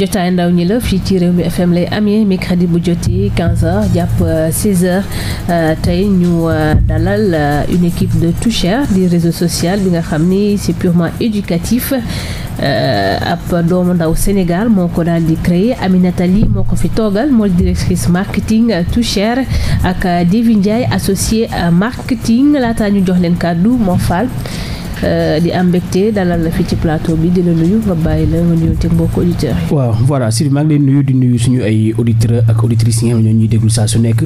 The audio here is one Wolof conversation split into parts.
jotaay ndaw ñi la fii ci réew mi FM lay amee mercredi bu joti 15h jàpp 16h euh, euh, tey ñu euh, dalal une équipe de Toucher di réseau sociale bi nga xam ni c'est purement éducatif ab doomu ndaw Sénégal moo ko daal di créé Aminata Ly moo ko fi toogal mooy directrice marketing Toucher ak Devi Ndiaye associé marketing laataa ñu jox leen kàddu moo fal Euh, di am mbégte dalal la fi ci plateau bi di la nuyu nga bàyyi la nga nuyu te mbokk auditeurs waaw voilà Sylvie maa ngi leen nuyu di nuyu suñu ay auditeurs ak auditrices yi nga xam ne ñuy déglu su nekk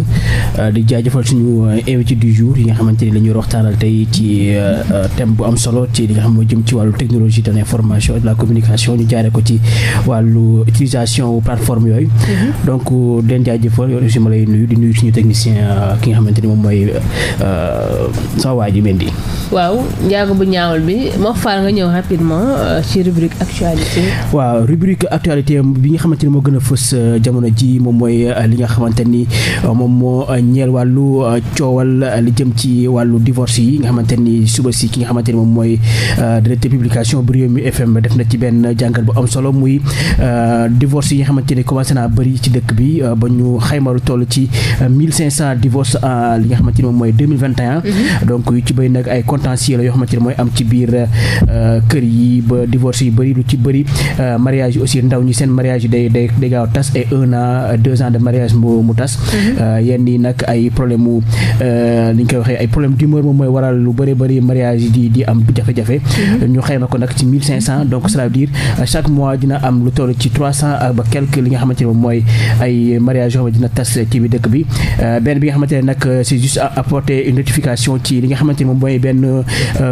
euh, di jaajëfal suñu euh, invité du jour yi nga xamante ni la ñuy waxtaanal tey ci thème bu am solo ci li nga xam moo jëm ci wàllu technologie de l'information et la communication ñu jaaree ko ci wàllu utilisation plateforme yooyu. Mm-hmm. donc den jaajëfal yow aussi ma lay nuyu di nuyu suñu technicien ki nga xamante ni moom mooy sama waa ji Mendy. waaw njaago bu ñaaw ñaawul bi Mofar nga ñëw rapidement euh, ci rubrique actualité. waaw rubrique actualité bi nga xamante ni moo gën a fës euh, jamono ji moom mooy euh, li nga xamante ni moom moo ñeel wàllu coowal li jëm ci wàllu divorce yi nga xamante ni suba si ki nga xamante ni moom mooy directeur publication bu Rewmi FM def na ci benn jàngal bu am solo muy divorce yi nga xamante ni commencé naa bëri ci dëkk bi ba ñu xaymalu toll ci 1500 divorce li nga xamante ni moom mooy 2021. Mm-hmm. donc yu ci bëri nag ay contentieux yoo xamante mooy am. ci biir euh, kër yi ba divorce yu bëri lu ci bëri euh, mariage aussi ndaw ñi seen mariage yi day day day gaaw tas et un an deux ans de mariage mu mu tas mhm. euh, yenn yi nag ay problème mu li ñu koy waxee ay problème d'humeur mooy waral lu bëri bëri mariage yi di di am jafe mhm. ko nag ci mille cinq cent donc cela veut dire mois dina am lu toll ci trois cent ba quelque li nga xamante ne moom mooy ay mariage yoo xamante dina ci biir dëkk bi benn bi nga xamante ne nag c'est juste apporter une notification ci li nga xamante ne moom mooy benn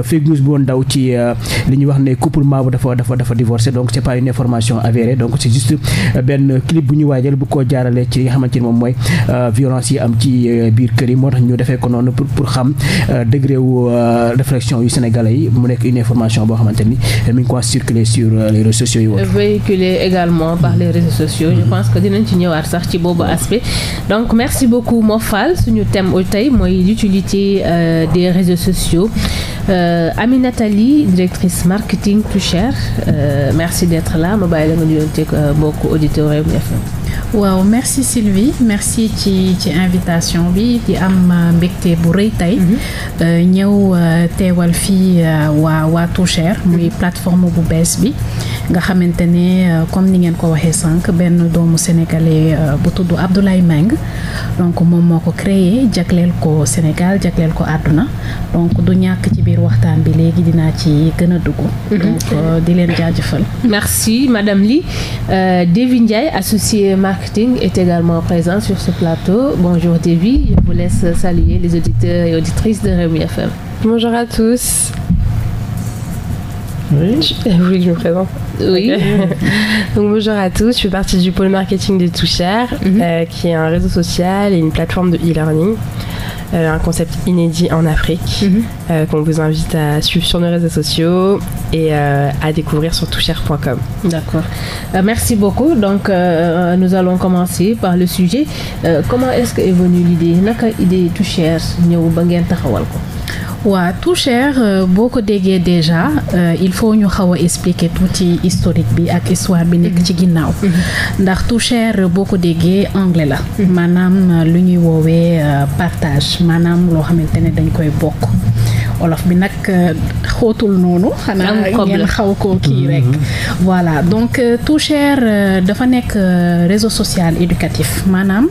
fake bëggoon daw ci euh, li ñuy wax ne couplement bu dafa dafa dafa divorcé donc c'est pas une information avérée donc c'est juste euh, benn clip bu ñu waajal bu koo jaarale ci li nga xamante ni moom mooy euh, violence yi am ci biir kër yi moo tax ñu defee ko noonu pour pour xam degré wu réflexion yu sénégalais yi mu nekk une information boo xamante ni mi ngi ko circuler sur les réseaux sociaux yi woon. véhiculé également par les réseaux sociaux. je mm-hmm. pense que dinañ ci ñëwaat sax ci boobu aspect donc merci beaucoup Mofal suñu thème tey Euh, Aminata Ly directrice marketing plus cher euh, merci d'être là ma bàyyi la nga nuyonteeg euh, mbokku auditeurs Rewmi FM waaw merci Sylvie merci ci ci invitation bi di am mbégte bu rëy tey mhm. ñëw teewal fii waa waa Tout Cher muy mhm. plateforme bu bees bi nga xamante ne euh, comme ni ngeen ko waxee sànq benn doomu sénégalais euh, bu tudd Abdoulaye Meng donc moom moo ko créé jagleel ko Sénégal jagleel ko àdduna donc du ñàkk ci biir waxtaan bi léegi dinaa ci gën a dugg. Mhm. donc euh, di leen jaajëfal. merci madame Ly euh, Devi Ndiaye associé marketing est également présent sur ce plateau bonjour Devi je vous laisse saluer les auditeurs et auditrices de Rewmi FM. bonjour Oui. Vous voulez que je me présente Oui. Donc bonjour à tous, je fais partie du pôle marketing de Touchère, mhm. euh, qui est un réseau social et une plateforme de e-learning. Euh, un concept inédit en Afrique mm qu'on vous invite à suivre sur nos réseaux sociaux et euh, à découvrir sur touchère.com. Euh, merci beaucoup. Donc, euh, euh, nous allons commencer par le sujet. Euh, comment est-ce que est venue l'idée naka idée touchère ñëw ba ngeen taxawal ko. waaw touchère boo ko déggee déjà il faut ñu xaw a expliquer ci historique bi ak histoire bi nekk ci ginnaaw. Mhm. ndax touchère boo ko déggee anglais la. Mhm. maanaam lu ñuy woowee partage maanaam loo xamante ne dañ koy bokk. olof bi nag xóotul noonu xanaa ngeen xaw koo kii rek voilà donc euh, Tout Cher euh, dafa nekk euh, réseau social éducatif maanaam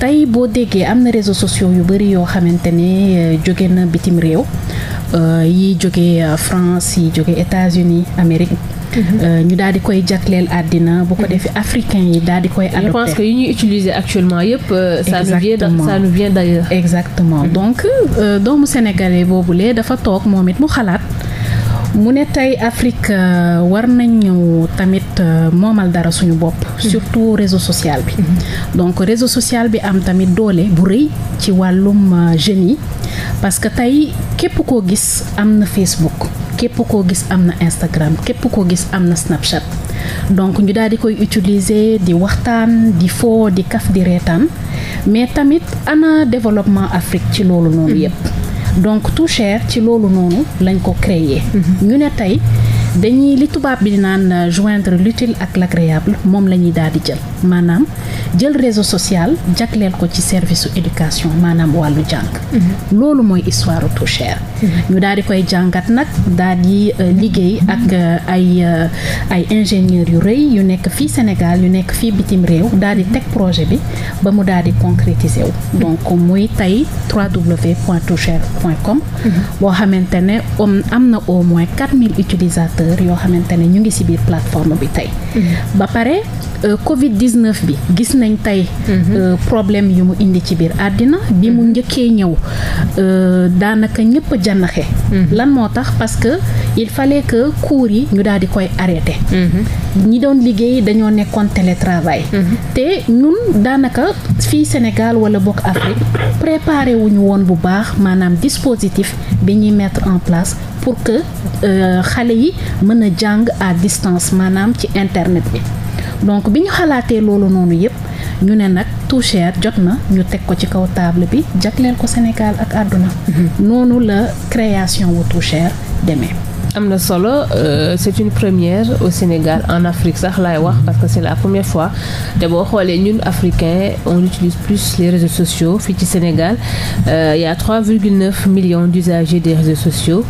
tey boo déggee am na réseau sociaux yu bëri yoo xamante ne jóge na bitim réew yi jóge France yi jóge États-Unis Amérique mhm. ñu daal di koy jagleel àddina boo ko mhm. defee africain yi daal di koy adopté je que yi ñuy utiliser actuellement yëpp ça nous vient ça nous exactement mhm. donc doomu sénégalais boobu lee dafa toog moom it mu xalaat mu ne tey Afrique euh, war nañu tamit euh, moomal dara suñu bopp. Mhm. surtout réseau social bi. Mhm. donc réseau social bi am tamit doole bu rëy ci wàllum euh, jeunes yi parce que tey képp koo gis am na Facebook képp koo gis am na Instagram képp koo gis am na Snapchat. donc ñu daal di koy utiliser di waxtaan di foo di kaf di reetaan mais tamit ana développement Afrique ci loolu noonu mhm. yépp donc tout cher ci loolu noonu lañ ko créer mhm. ñu ne tey dañuy li tubaab bi naan euh, joindre l'utile ak l'agréable moom la ñuy daal di jël maanaam jël réseau social jagleel ko ci service su éducation maanaam wàllu jàng. Mhm. loolu mooy histoire Tout mhm. ñu daal di koy jàngat nag daal di euh, liggéey mhm. ak euh, ay euh, ay ingénieurs yu rëy yu nekk fii Sénégal yu nekk fii bitim réew daal di teg projet bi ba mu daal di concrétiser wu. donc muy tey www.toutcher.com. boo xamante ne am na au moins 4000 utilisateurs yoo xamante ne ñu ngi ci biir plateforme bi tey. ba pare Euh, Covid 19 bi gis nañ tey. Mhm. Euh, problème yu mu indi ci biir àddina. bi mu mhm. njëkkee ñëw euh, daanaka ñëpp jànnaxe mhm. lan moo tax parce que il fallait que cours yi ñu daal di koy arrêté. ñi doon liggéey dañoo nekkoon télétravail. te ñun daanaka fii Sénégal wala bokk Afrique préparé wuñu woon bu baax maanaam dispositif bi ñuy mettre en place. pour que xale yi mën a jàng à distance maanaam ci internet bi. donc bi ñu xalaatee loolu noonu yëpp ñu ne nag tout cher jot na ñu teg ko ci kaw taable bi jagleel ko Sénégal ak àdduna mhm. noonu la création wu tout demee am na solo euh, c'est une première au Sénégal en Afrique sax laay wax mhm. parce que c'est la première fois te boo xoolee ñun africains on utilise plus les réseaux sociaux fii ci Sénégal euh, il y a 3,9 millions d'usagers des réseaux sociaux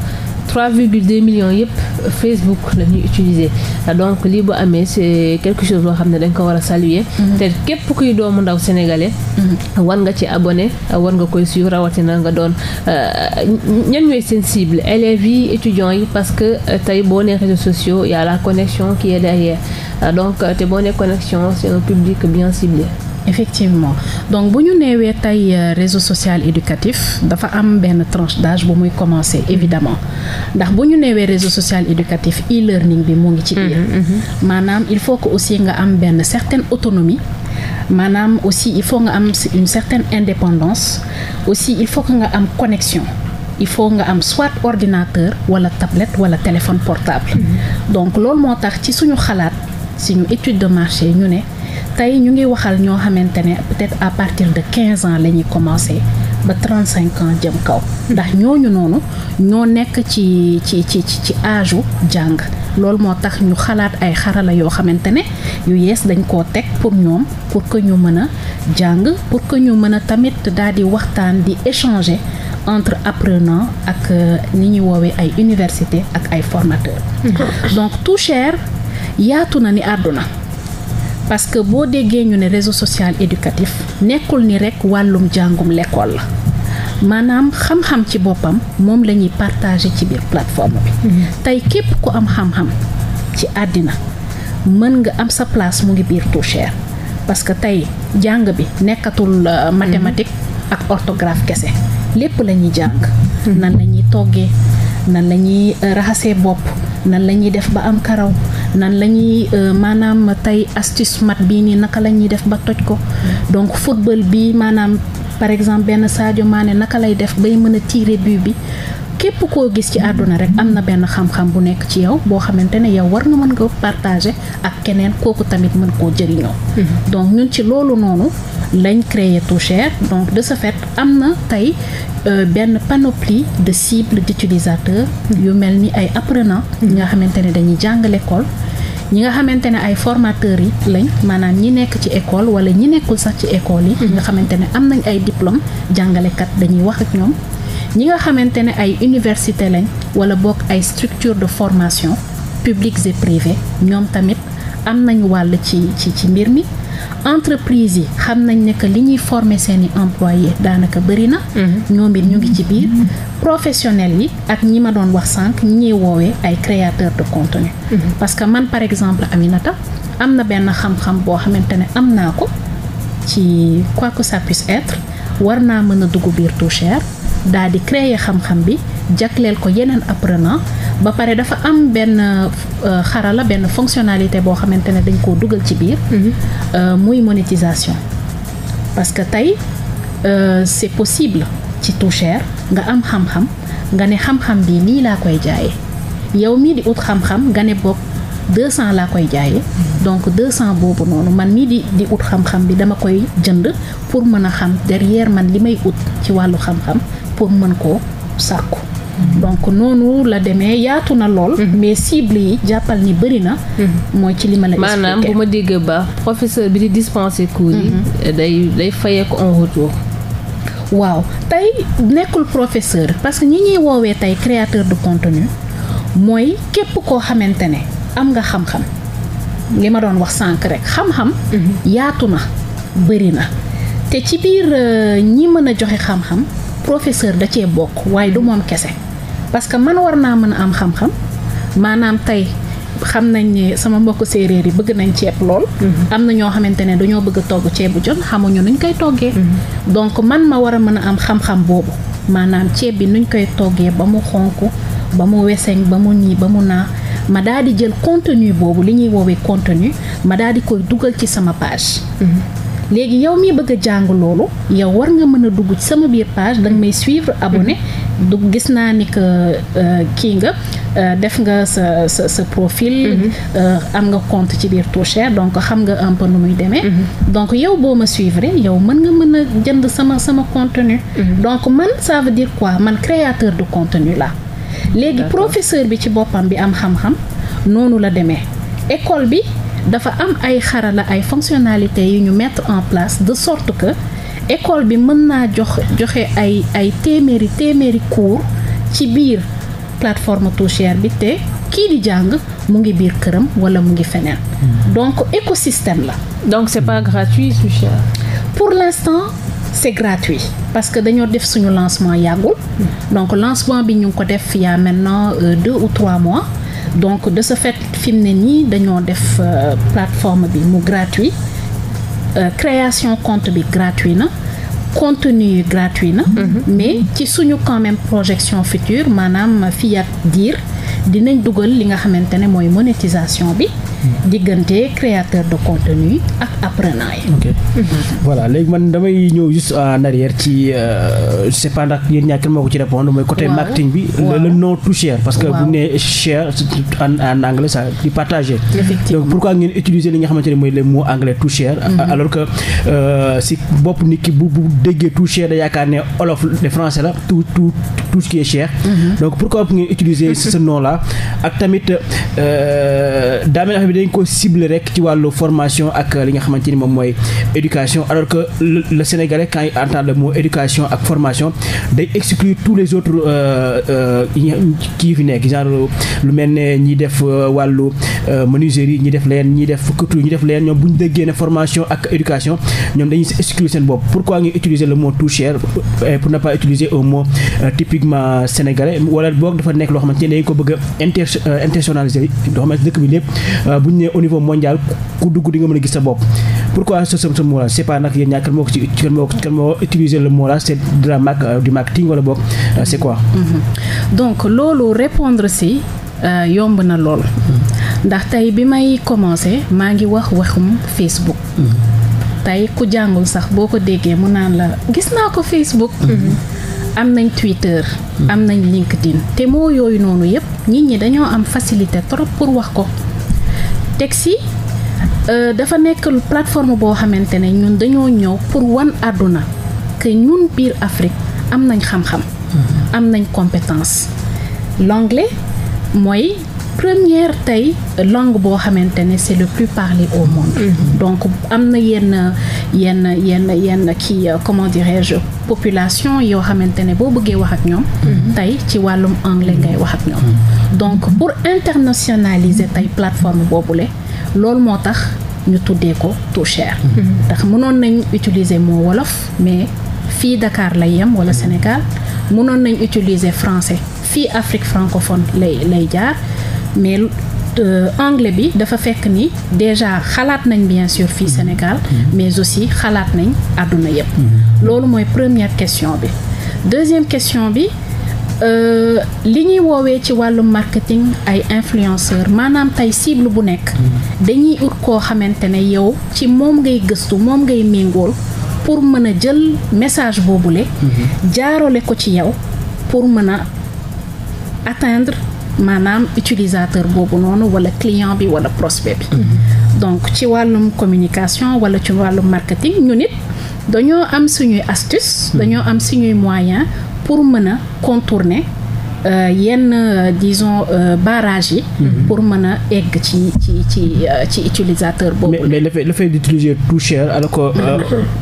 de millions yëpp Facebook la ñuy utiliser donc lii bu amee c'est quelque chose loo xam ne dañ ko war a saluer. Mhm. te képp kuy doomu ndaw sénégalais. Mhm. war nga ci abonné war nga koy suivre rawatina nga doon euh, ñan ñooy seen cible élèves yi étudiants yi parce que euh, tey boo nee réseaux sociaux y la connexion ki est derrière euh, donc te boo nee connexion c'est un public bien ciblé. effectivement donc bu ñu neewee tey euh, réseau social éducatif dafa am benn tranche d'âge bu muy commencer évidemment ndax bu ñu neewee réseau social éducatif e-learning bi mu ngi ci biir mm-hmm, mm-hmm. maanaam il faut que aussi nga am benn certaine autonomie maanaam aussi il faut nga am une certaine indépendance aussi il faut nga am connexion il faut nga am soit ordinateur wala tablette wala téléphone portable mm-hmm. donc loolu moo tax ci suñu xalaat suñu étude de marché ñu ne tey ñu ngi waxal ñoo xamante ne peut à partir de quinze ans la ñuy commencé ba trente cinq ans jëm kaw ndax ñooñu noonu ñoo nekk ci ci ci ci âge u jàng loolu moo tax ñu xalaat ay xarala yoo xamante ne yu yees dañ koo teg pour ñoom pour que ñu mën a jàng pour que ñu mën a tamit daal di waxtaan di échanger entre apprenant ak euh, ni ñuy woowee ay université ak ay formateur donc tout cher yaatu na ni àdduna parce que boo déggee ñu ne réseau social éducatif nekkul ni rekk wàllum jàngum lekkool la maanaam xam-xam ci boppam moom la ñuy partager ci biir plateforme bi. Mm tey képp ku am xam-xam ci àddina mën nga am sa place mu ngi biir Toucher parce que tey jàng bi nekkatul uh, ak orthographe kese lépp la ñuy jàng. na -hmm. la ñuy toggee nan la euh, raxasee bopp. nan la ñuy def ba am karaw nan la ñuy euh, maanaam tey astuce mat bii nii naka la ñuy def ba toj ko donc football bi maanaam par exemple benn Sadio Mané naka lay def bay mën a tirer but bi képp koo gis ci àdduna rek am na benn xam-xam bu nekk ci yow boo xamante ne yow war na mën nga partager ak keneen kooku tamit mën koo jëriñoo. Mhm. donc ñun ci loolu noonu lañ créer Tout Cher donc de ce fait am na tey euh, benn panopli de cibles d'utilisateurs mhm. yu mel ni ay apprenants. Mhm. ñi nga xamante ne dañuy jàng l'école ñi nga xamante ne ay formateurs yi lañ maanaam ñi nekk ci école wala ñi nekkul sax ci école yi. nga xamante ne am nañ ay diplôme jàngalekat dañuy wax ak ñoom. ñi nga xamante ne ay université lañ wala bokk ay structure de formation publiques et ñoom tamit am nañu wàll ci ci ci mbir mi entreprise yi xam nañ ne que li ñuy former seeni employés daanaka bëri na mhm. ñoo mbir ñu ngi ci biir professionnel yi ak ñi ma doon wax sànq ñi ñuy woowee ay créateurs de contenu mhm. parce que man par exemple ami Aminata am na benn xam-xam boo xamante ne am naa ko ci quoi que ça puisse être war naa mën a dugg biir tout cher daal di créer xam-xam bi jagleel ko yeneen aprenant ba pare dafa am benn euh, xarala benn fonctionnalité boo xamante ne dañ koo dugal ci biir mhm. euh, muy monétisation parce que tey euh, c'est possible ci tout cher nga am xam nga ne xam-xam bi lii laa koy jaayee yow mii di ut xam-xam nga ne boog 200 laa koy jaaye mhm. donc 200 boobu noonu man mii di di ut xam-xam bi dama koy jënd pour mën a xam derrière man li may ut ci wàllu xam-xam pour mën koo sàkku donc noonu la demee yaatu na lool. Mhm. mais cible yi jàppal ni bëri na. Mhm. mooy ci li ma la expliqué maanaam bu ma déggee baax professeur bi di dispenser cours mhm. day day fayee ko en waaw tey nekkul professeur parce que ñi ñuy woowee tey créateur de contenu mooy képp koo xamante ne am nga xam-xam li ma doon wax sànq rek xam-xam. yaatu na bëri na te ci biir euh, ñi mën a joxe xam-xam. professeur da cee bokk waaye du moom kese parce que man war naa mën a am xam-xam maanaam tey xam nañ ne sama mbokk séeréer yi bëgg nañ ceeb lool. Mm-hmm. am na ñoo xamante ne dañoo bëgg a togg ceebu jon xamuñu nuñ koy toggee. Mm-hmm. donc man ma war a mën a am xam-xam boobu maanaam ceeb bi nuñ koy toggee ba mu xonk ba mu weseñ ba mu ñii ba mu naa ma daal di jël contenu boobu li ñuy woowee contenu ma daal di koy dugal ci sama page. Mm-hmm. léegi yow mii bëgg a jàng loolu yow war nga mën a dugg sama biir page danga may suivre abonné mhm. dugg gis naa ni que euh, kii nga euh, def nga sa sa sa profil. Mhm. Euh, am nga compte ci biir Tout Cher donc xam nga un nu muy demee. Mhm. donc yow boo ma suivre yow mën nga mën a jënd sama sama contenu. donc man ça veut dire quoi man créateur de contenu la léegi professeur bi ci boppam bi am xam-xam noonu la demee école bi. dafa am ay xarala ay fonctionnalités yu ñu mettre en place de sorte que école bi mën naa jox joxe ay ay téeméeri téeméeri cours ci biir plateforme Touchière bi te kii di jàng mu ngi biir këram wala mu ngi feneen. Hmm. donc écosystème la. donc c'est pas gratuit Touchière. pour l'instant c'est gratuit parce que dañoo def suñu lancement yàggul. Hmm. donc lancement bi ñu ngi ko def il y a maintenant euh, deux ou trois mois. donc de ce fait fi ne nii dañoo def euh, plateforme bi mu gratuit euh, création compte bi gratuit na contenu gratuit na mm-hmm. mais ci suñu quand projection future maanaam fii ak diir dinañ dugal li nga xamante ne mooy monétisation bi diggante créateur de contenu ak apprenant yi okay. Mhm. léegi man damay ñëw juste en arrière ci euh, je sais pas ndax yéen ñaar kenn moo ko ci répondre mooy côté marketing bi le non too cher parce que bu ne cher en en anglais ça di partager donc pourquoi ngeen utiliser li nga xamante ne mooy les mots anglais too cher mhm. alors que euh, si bopp nit ki bu bu déggee too cher da yaakaar ne olof de français la tout tout tout ce qui est mhm. ngeen utiliser ce nom là Touba ak tamit daa mel bi dañ ko cible rek ci wàllu formation ak li nga xamante ni moom mooy éducation alors que le Sénégalais quand il entend le mot éducation ak formation day exclure tous les autres euh, euh, kii fi nekk genre lu mel ne ñi def euh, wàllu menuiserie ñi def leen ñi def couture ñi def leen ñoom bu ñu déggee ne formation ak éducation seen bopp pourquoi nga le mot tout cher pour ne pas utiliser un mot typiquement sénégalais wala boog dafa nekk loo xamante ne dañ ko bëgg inter euh, internationalisé doo xam dëkk bi lépp euh, bu ñu nee au niveau mondial ku dugg di nga mën a gis sa bopp pourquoi ce ce mot là c'est pas nag yéen ñaa kan moo ko ci kan moo kan moo utiliser le mot là euh, wala boog c'est quoi. Mm-hmm. donc loolu répondre si yomb na lool. Mm-hmm. ndax tey bi may commencer maa ngi wax waxum Facebook. Mm-hmm. tey ku jàngul sax boo ko déggee mu naan la gis naa ko Facebook. am nañ Twitter. am nañ LinkedIn te moo yooyu noonu yëpp nit ñi dañoo am facilité trop pour wax ko teg si euh, dafa nekk plateforme boo xamante ne ñun dañoo ñëw pour wan àdduna que ñun biir Afrique am nañ xam-xam. Mm-hmm. am nañ compétence longle mooy première tey langue boo xamante ne c'est le plus parlé au monde. Mm-hmm. donc am na yenn yenn yenn yenn kii euh, comment dirais-je population yoo xamante ne boo bëggee wax ak ñoom. Mm-hmm. tey ci wàllum anglais ngay wax ak ñoom. Mm-hmm. donc pour internationaliser tey plateforme boobu le loolu moo tax ñu tuddee ko Toucher. ndax mënoon nañ utiliser mot wolof mais fii Dakar lay yem wala Sénégal mënoon nañ utiliser français fii Afrique francophone lay lay jaar. mais euh, anglais bi dafa fekk ni déjà xalaat nañ bien fii mm-hmm. Sénégal mm-hmm. mais aussi xalaat nañ àdduna yépp mm-hmm. loolu mooy première question bi deuxième question bi euh, li ñuy woowee ci wàllu marketing ay influenceur maanaam tey cible bu nekk dañuy ut koo xamante ne yow ci moom ngay gëstu moom ngay méngool pour mën a jël message boobule jaaroole ko ci yow pour mën a atteindre maanaam utilisateur boobu noonu wala client bi wala prospect bi. Mhm. donc ci wàllum communication wala ci wàllum marketing ñu nit dañoo am suñuy astuce. Mhm. dañoo am suñuy moyen pour mën a contourner. Euh, yenn euh, disons euh, barrage yi. Mhm. pour mën a egg ci ci ci ci utilisateur boobu. mais mais dafay dafay d'utiliser tout cher alors que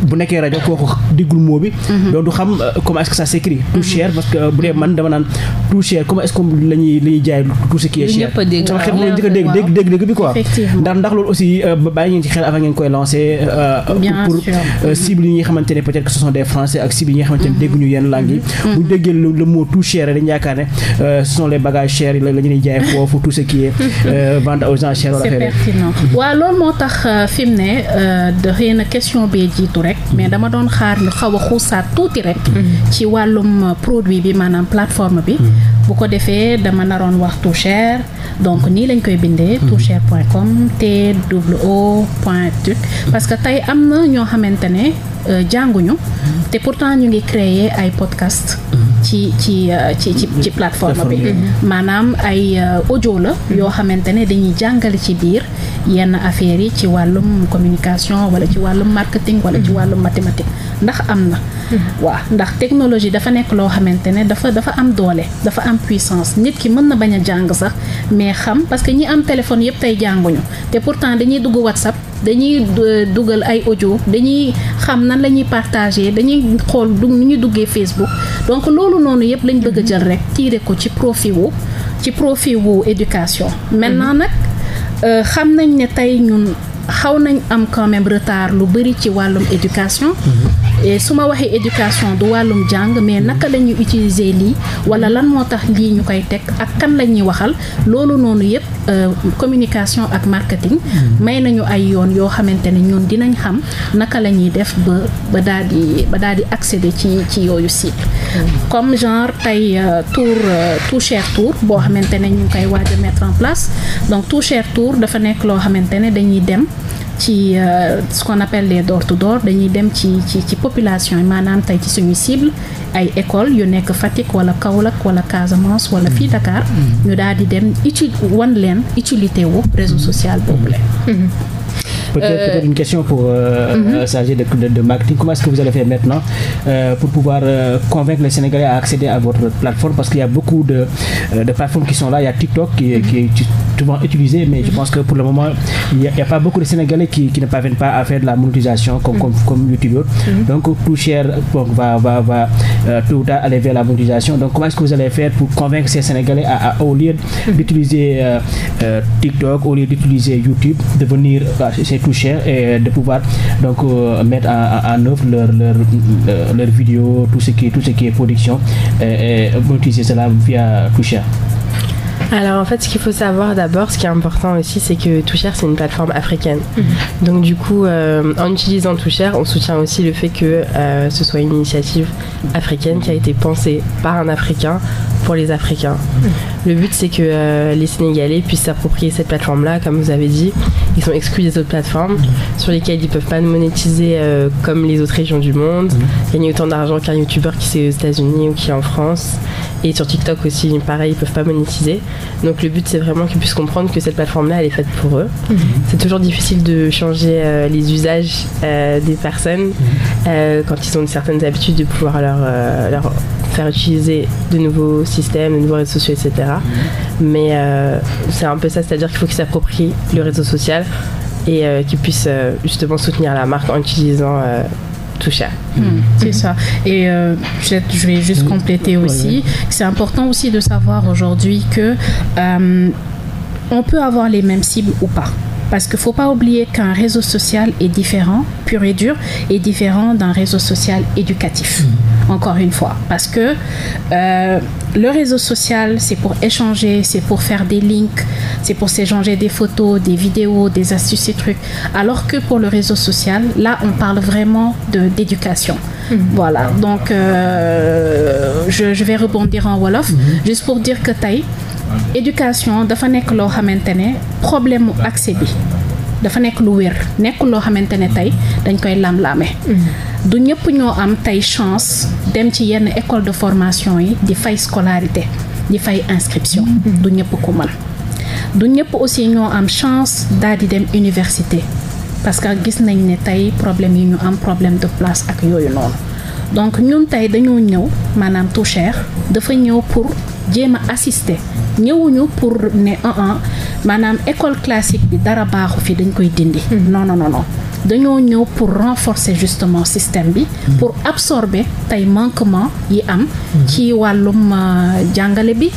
bu nekkee rajo kooku diggul mot bi. Mhm. donc du xam comment est-ce que ça s'écrit tout mhm. cher parce que bu dee man dama naan tout cher comment est-ce que la ñuy la jaay tout ce qui est cher. sama xel ngeen njëkk a dégg dégg dégg bi quoi. ndax ndax loolu aussi bàyyi ngeen ci xel avant ngeen koy lancer. pour cible yi nga xamante ne peut-être que ce sont des français ak cible yi nga xamante ne dégg yenn langues yi. bu ñu déggee le mot euh, ce sont les bagages chers la la ñuy jaay foofu tout ce qui est euh, vente aux enchères wala moo tax euh, fi ne euh, da xëy na question bee jiitu rek mais dama doon xaar ñu xaw a xuusaat tuuti rek mm-hmm. ci wàllum produit bi maanaam plateforme bi mm-hmm. bu ko defee dama naroon wax tout cher donc nii lañ koy bindee mm-hmm. tout cher point com t double o parce que tey am na ñoo xamante ne jànguñu te pourtant ñu ngi créer ay podcast ci ci euh, ci ci ci plateforme bi maanaam ay euh, audio la mm-hmm. yoo xamante ne dañuy jàngale ci biir yenn affaires yi ci wàllum communication wala ci wàllum marketing walla ci mm-hmm. wàllum mathématique ndax am na mm-hmm. waaw ndax technologie dafa nekk loo xamante ne dafa dafa am doole dafa am puissance nit ki mën na bañ a jàng sax mais xam parce que ñi am téléphone yëpp tey jànguñu te pourtant dañuy dugg WhatsApp dañuy euh, dugal ay audio dañuy xam nan la ñuy partager dañuy xool nu ñu duggee Facebook donc loolu noonu yëpp lañ bëgg a jël rek tiire ko ci profit wu ci profit wu éducation maintenant nag euh, xam nañ ne tey ñun xaw nañ am quand même lu bëri ci wàllum éducation su ma waxee éducation du wàllum jàng mais naka la ñuy utiliser lii wala lan moo tax lii ñu koy teg ak kan la ñuy waxal loolu noonu yëpp euh, communication ak marketing mm-hmm. may nañu ay yoon yoo xamante ne ñun dinañ xam naka la ñuy def ba ba daal di daal di accéder ci ci yooyu site mm-hmm. comme genre tey euh, tour euh, tout tour boo xamante ne ñu ngi koy waaj a mettre en place donc tout cher tour dafa nekk loo xamante ne dañuy dem ci euh, ce qu'on appelle les door to door dañuy dem ci ci ci population yi maanaam tey ci suñu cible ay école yu nekk Fatick wala Kaolack wala Casamance wala fii mm. Dakar mm. ñu daal di dem uti wan leen utilité wu réseau mm. sociale boobu leen Peut-être euh, peut une question pour euh, mhm. euh, s'agir de, marketing. Comment est-ce que vous allez faire maintenant pour pouvoir convaincre les Sénégalais à accéder à votre plateforme Parce qu'il y a beaucoup de, de, qui sont là. Il y a TikTok qui, mhm. qui souvent utilisé, mais je mhm. pense que pour le moment, il n'y a, a, pas beaucoup de Sénégalais qui, ne parviennent pas à faire de la monétisation comme, est-ce que vous allez faire pour convaincre ces Sénégalais à, au lieu d'utiliser les coûts chers et de pouvoir donc euh, mettre en, en œuvre leur, leur, leur, leur vidéo, tout ce qui, tout ce qui est production et, et monétiser cela via Toucher. Alors en fait, ce qu'il faut savoir d'abord, ce qui est important aussi, c'est que Toucher, c'est une plateforme africaine. Mmh. Donc du coup, euh, en utilisant Toucher, on soutient aussi le fait que euh, ce soit une initiative africaine qui a été pensée par un Africain pour les Africains. Mhm. Le but, c'est que euh, les Sénégalais puissent s'approprier cette plateforme-là, comme vous avez dit. Ils sont exclus des autres plateformes mhm. sur lesquelles ils ne peuvent pas monétiser euh, comme les autres Donc le but c'est vraiment qu'ils puissent comprendre que cette plateforme-là elle est faite pour eux. Mhm. C'est toujours difficile de changer euh, les usages euh, des personnes mhm. euh, quand ils ont certaines habitudes de pouvoir leur, faire utiliser de nouveaux systèmes, de nouveaux réseaux sociaux, etc. Mhm. Mais c'est un peu ça, c'est-à-dire qu'il faut qu'ils s'approprient le réseau social et qu'ils puissent justement soutenir la marque en utilisant Toucha. Mmh. Hmm. C'est ça. Et euh, je vais juste compléter aussi. C'est important aussi de savoir aujourd'hui que euh, on peut avoir les mêmes cibles ou pas. Parce qu'il ne faut pas oublier qu'un réseau social est différent, pur et dur, est différent d'un réseau social éducatif. Mmh. Encore une fois, parce que euh, le réseau social, c'est pour échanger, c'est pour faire des links, c'est pour s'échanger des photos, des vidéos, des astuces et trucs. Alors que pour le réseau social, là, on parle vraiment d'éducation. Mmh. Voilà, donc euh, je, je, vais rebondir en Wolof, mmh. juste pour dire que Taï, éducation dafa nekk loo xamante ne problème mu accès bi dafa nekk lu wér nekk loo xamante ne tey dañ koy lam-laame mm-hmm. du ñëpp ñoo am tey chance dem ci yenn école de formation yi di fay scolarité di fay inscription mm-hmm. du ñëpp ku mën du ñëpp aussi ñoo am chance daal di dem université parce que gis nañ ne tey problème yi ñu am problème de place ak yooyu noonu donc ñun tey dañoo ñëw maanaam tout dafa ñëw pour jéem a assister ñëwuñu pour ne un un maanaam école classique bi dara baaxu fi dañ koy dindi mm-hmm. non non non dañoo ñëw pour renforcer justement système bi mm. pour absorber tey manquement yi am mm. ci wàllum euh, jàngale bi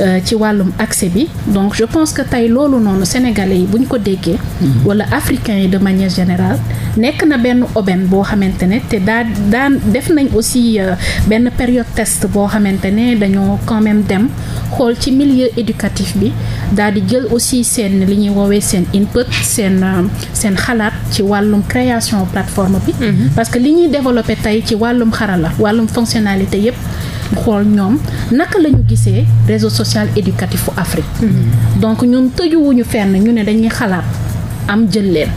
euh, ci wàllum accès bi donc je pense que tey loolu noonu sénégalais yi bu ñu ko déggee mm. wala africain yi de manière générale nekk na benn aubaine boo xamante ne te daa daan def nañ aussi euh, benn période test boo xamante ne dañoo quand dem xool ci milieu éducatif bi daal di jël aussi seen li ñuy woowee seen input seen seen xalaat ci wàllu wàllum création plateforme bi. Mhm. parce que li ñuy développé tey ci wàllum xarala wàllum fonctionnalité yépp xool ñoom naka la ñu gisee réseau social éducatif fu Afrique. Mhm. donc ñun tëjuwuñu fenn ñu ne dañuy xalaat am jël leen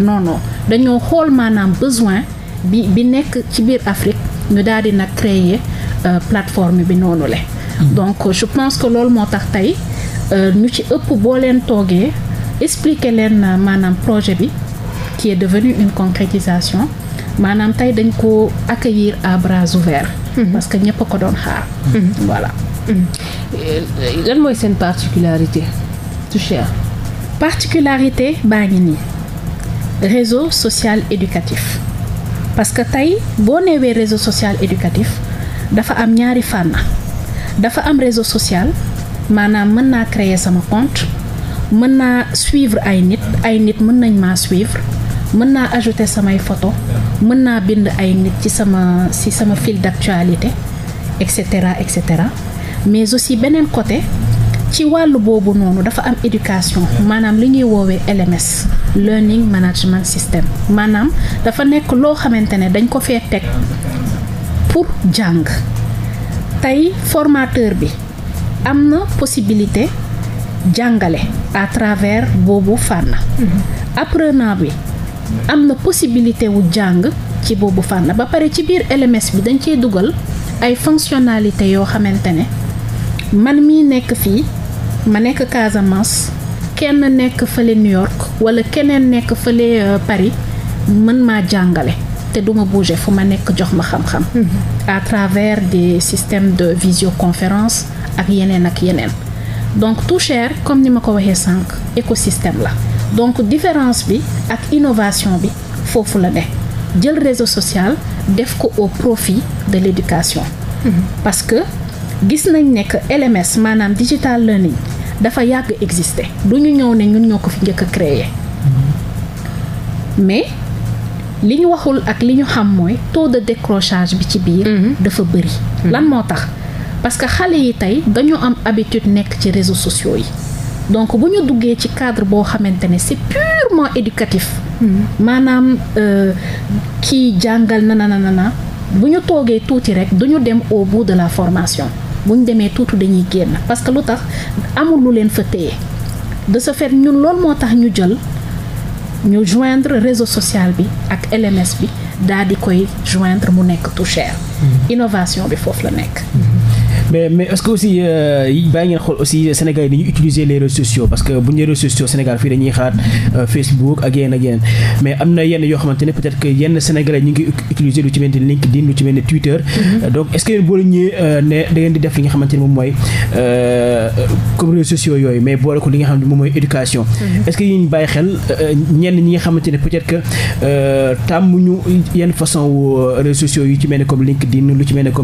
dañoo xool maanaam besoin bi bi nekk ci biir Afrique ñu daal di nag créer euh, plateforme bi noonu le mhm. donc je pense que loolu moo tax tey euh, ñu ci ëpp boo leen toogee expliquer leen euh, maanaam projet bi. qui est devenue une concrétisation maanaam tey dañ ko accueillir à bras mhm. parce que ñëpp ko doon xaar. Mhm. voilà. Mhm. lan mooy seen particularité. tout cher. particularité baa ngi nii réseau social éducatif parce que tey boo neewee réseau social éducatif dafa am ñaari fànn dafa am réseau social maanaam mën naa créer sama compte mën naa suivre ay nit ay nit mën nañ maa suivre. mën naa ajouter samay photo mën naa bind ay nit ci sama si sama fil d'actualité et cetera et cetera mais aussi beneen côté ci wàllu boobu noonu dafa am éducation maanaam li ñuy woowee LMS learning management système maanaam dafa nekk loo xamante ne dañ ko fee teg pour jàng tey formateur bi am na possibilité jàngale à travers boobu fànn mhm. apprenant bi am na possibilité wu jàng ci boobu fànn ba pare ci biir LMS bi dañ cee dugal ay fonctionnalité yoo xamante ne man mii nekk fii ma nekk Casamance kenn nekk fële New York wala keneen nekk fële euh, Paris mën maa jàngale te duma bouger fu ma nekk jox ma xam-xam mm-hmm. à travers des systèmes de visioconférence ak yeneen ak yeneen donc tout cher comme ni ma ko waxee sànq écosystème la donc différence bi ak innovation bi foofu la ne jël réseau sociale def ko au profit de l'éducation mm parce que gis nañ ne que LMS maanaam digital learning dafa yàgg exister du ñu ñëw ne ñun ñoo ko fi njëkk a créer mhm. mais li ñu waxul ak li ñu xam mooy taux de décrochage bi ci biir mhm. dafa bëri mhm. lan moo tax parce que xale yi tey dañoo am habitude nekk ci réseau sociaux yi donc bu ñu duggee ci cadre boo xamante ne c'est purement éducatif hmm. maanaam euh, kii jàngal na na na bu ñu toogee tuuti rek duñu dem au bout de la formation buñ demee tuuti dañuy génn parce que lu tax amul lu leen fa téye de ce fait ñun loolu moo tax ñu jël ñu joindre réseau social bi ak LMS bi daal di koy joindre mu nekk Tou Cher hmm. innovation bi foofu la nekk hmm. mais mais est-ce que aussi euh, bàyyi ngeen xool aussi Sénégal dañuy utiliser les réseaux sociaux parce que bu ñu réseaux sociaux fii dañuy xaar euh, Facebook ak yeneen mais am na yenn yoo xamante ne peut-être que yenn Sénégalais ñu ngi utiliser lu ci mel ni LinkedIn lu ci mel mm-hmm. euh, nga xamante ne moom mooy comme yooyu mais boole li nga xam ne moom mooy éducation. Mm-hmm. est-ce que ñu ngi bàyyi xel ñenn ñi nga que tàmmuñu yenn façon réseaux sociaux yu ci mel ni comme LinkedIn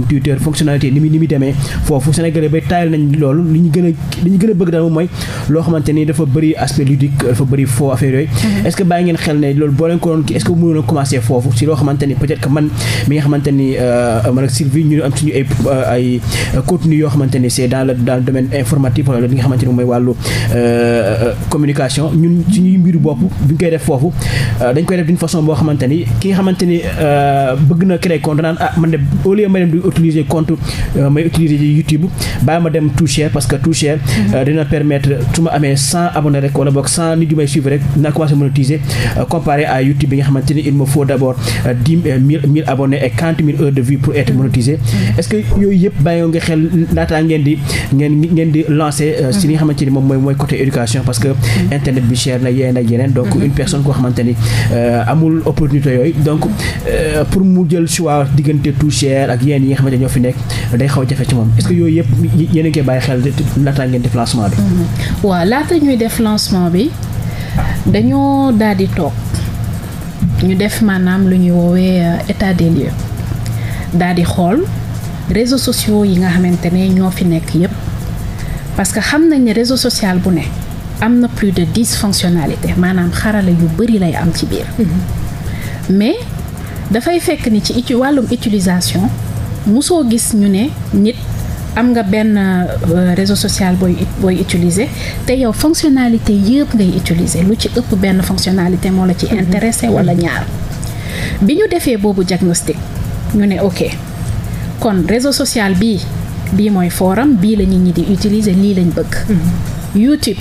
Twitter fonctionnalité ni muy ni muy demee foofu sénégalais bay taayal nañ loolu li ñu gën a li bëgg daal moom mooy loo xamante dafa bëri aspect ludique dafa bëri foo affaire yooyu mm-hmm. est ce que bàyyi ngeen xel ne loolu boo leen ko doon kii est ce a commencé foofu si loo xamante ni peut être que euh, euh, yoo xamante ni c' est le dans le domaine informatique wala li nga xamante ni mooy wàllu euh, communication ñun suñuy mbiru def foofu dañ koy def d'une façon boo xamante ni ki nga xamante ni bëgg na créer compte naan ah man de au lieu ma dem di utiliser compte may utiliser ji YouTube bàyyi ma dem toucher parce que toucher mhm. euh, dina permetre su ma amee cent abonnés rek wala boo cent nit yu may suivre rek dinaa commencé monétiser euh, comparé à YouTube bi nga xamante ni il me d' abord euh, dix mille abonnés et quarante mille heures mhm. que yooyu yëpp bàyyi nga xel laataa ngeen di ngeen ngeen di lancer si li nga mhm. xamante ni moom mooy mooy côté éducation parce que internet bi cher na yeneen ak yeneen donc une personne koo xamante ni amul opportunité yooyu donc pour mu jël choix diggante tout cher ak yéen yi nga xamante ñoo fi nekk day xaw jafe ci est-ce que yooyu yëpp yéen a ngi koy bàyyi xel laataa ngeen def lancement bi. Mhm. waaw laata ñuy def lancement bi dañoo daal di toog ñu def maanaam lu ñuy woowee euh, état des lieux daal di xool réseaux yi nga xamante ne ñoo fi nekk yëpp parce que xam nañ ne réseau social bu ne am na plus de dix fonctionnalités maanaam xarala yu bari lay am ci biir. Mhm. mais dafay fekk ni ci wàllum utilisation. musoo gis ñu ne nit am nga benn euh, réseau social booy booy utiliser te yow fonctionnalité yëpp ngay utiliser lu ci ëpp benn fonctionnalité moo la ci mhm. intéressé wala mhm. ñaar bi ñu defee boobu diagnostic ñu ne ok kon réseau social bi bii mooy fooram bii la nit ñi di utiliser lii lañ bëgg mhm. YouTube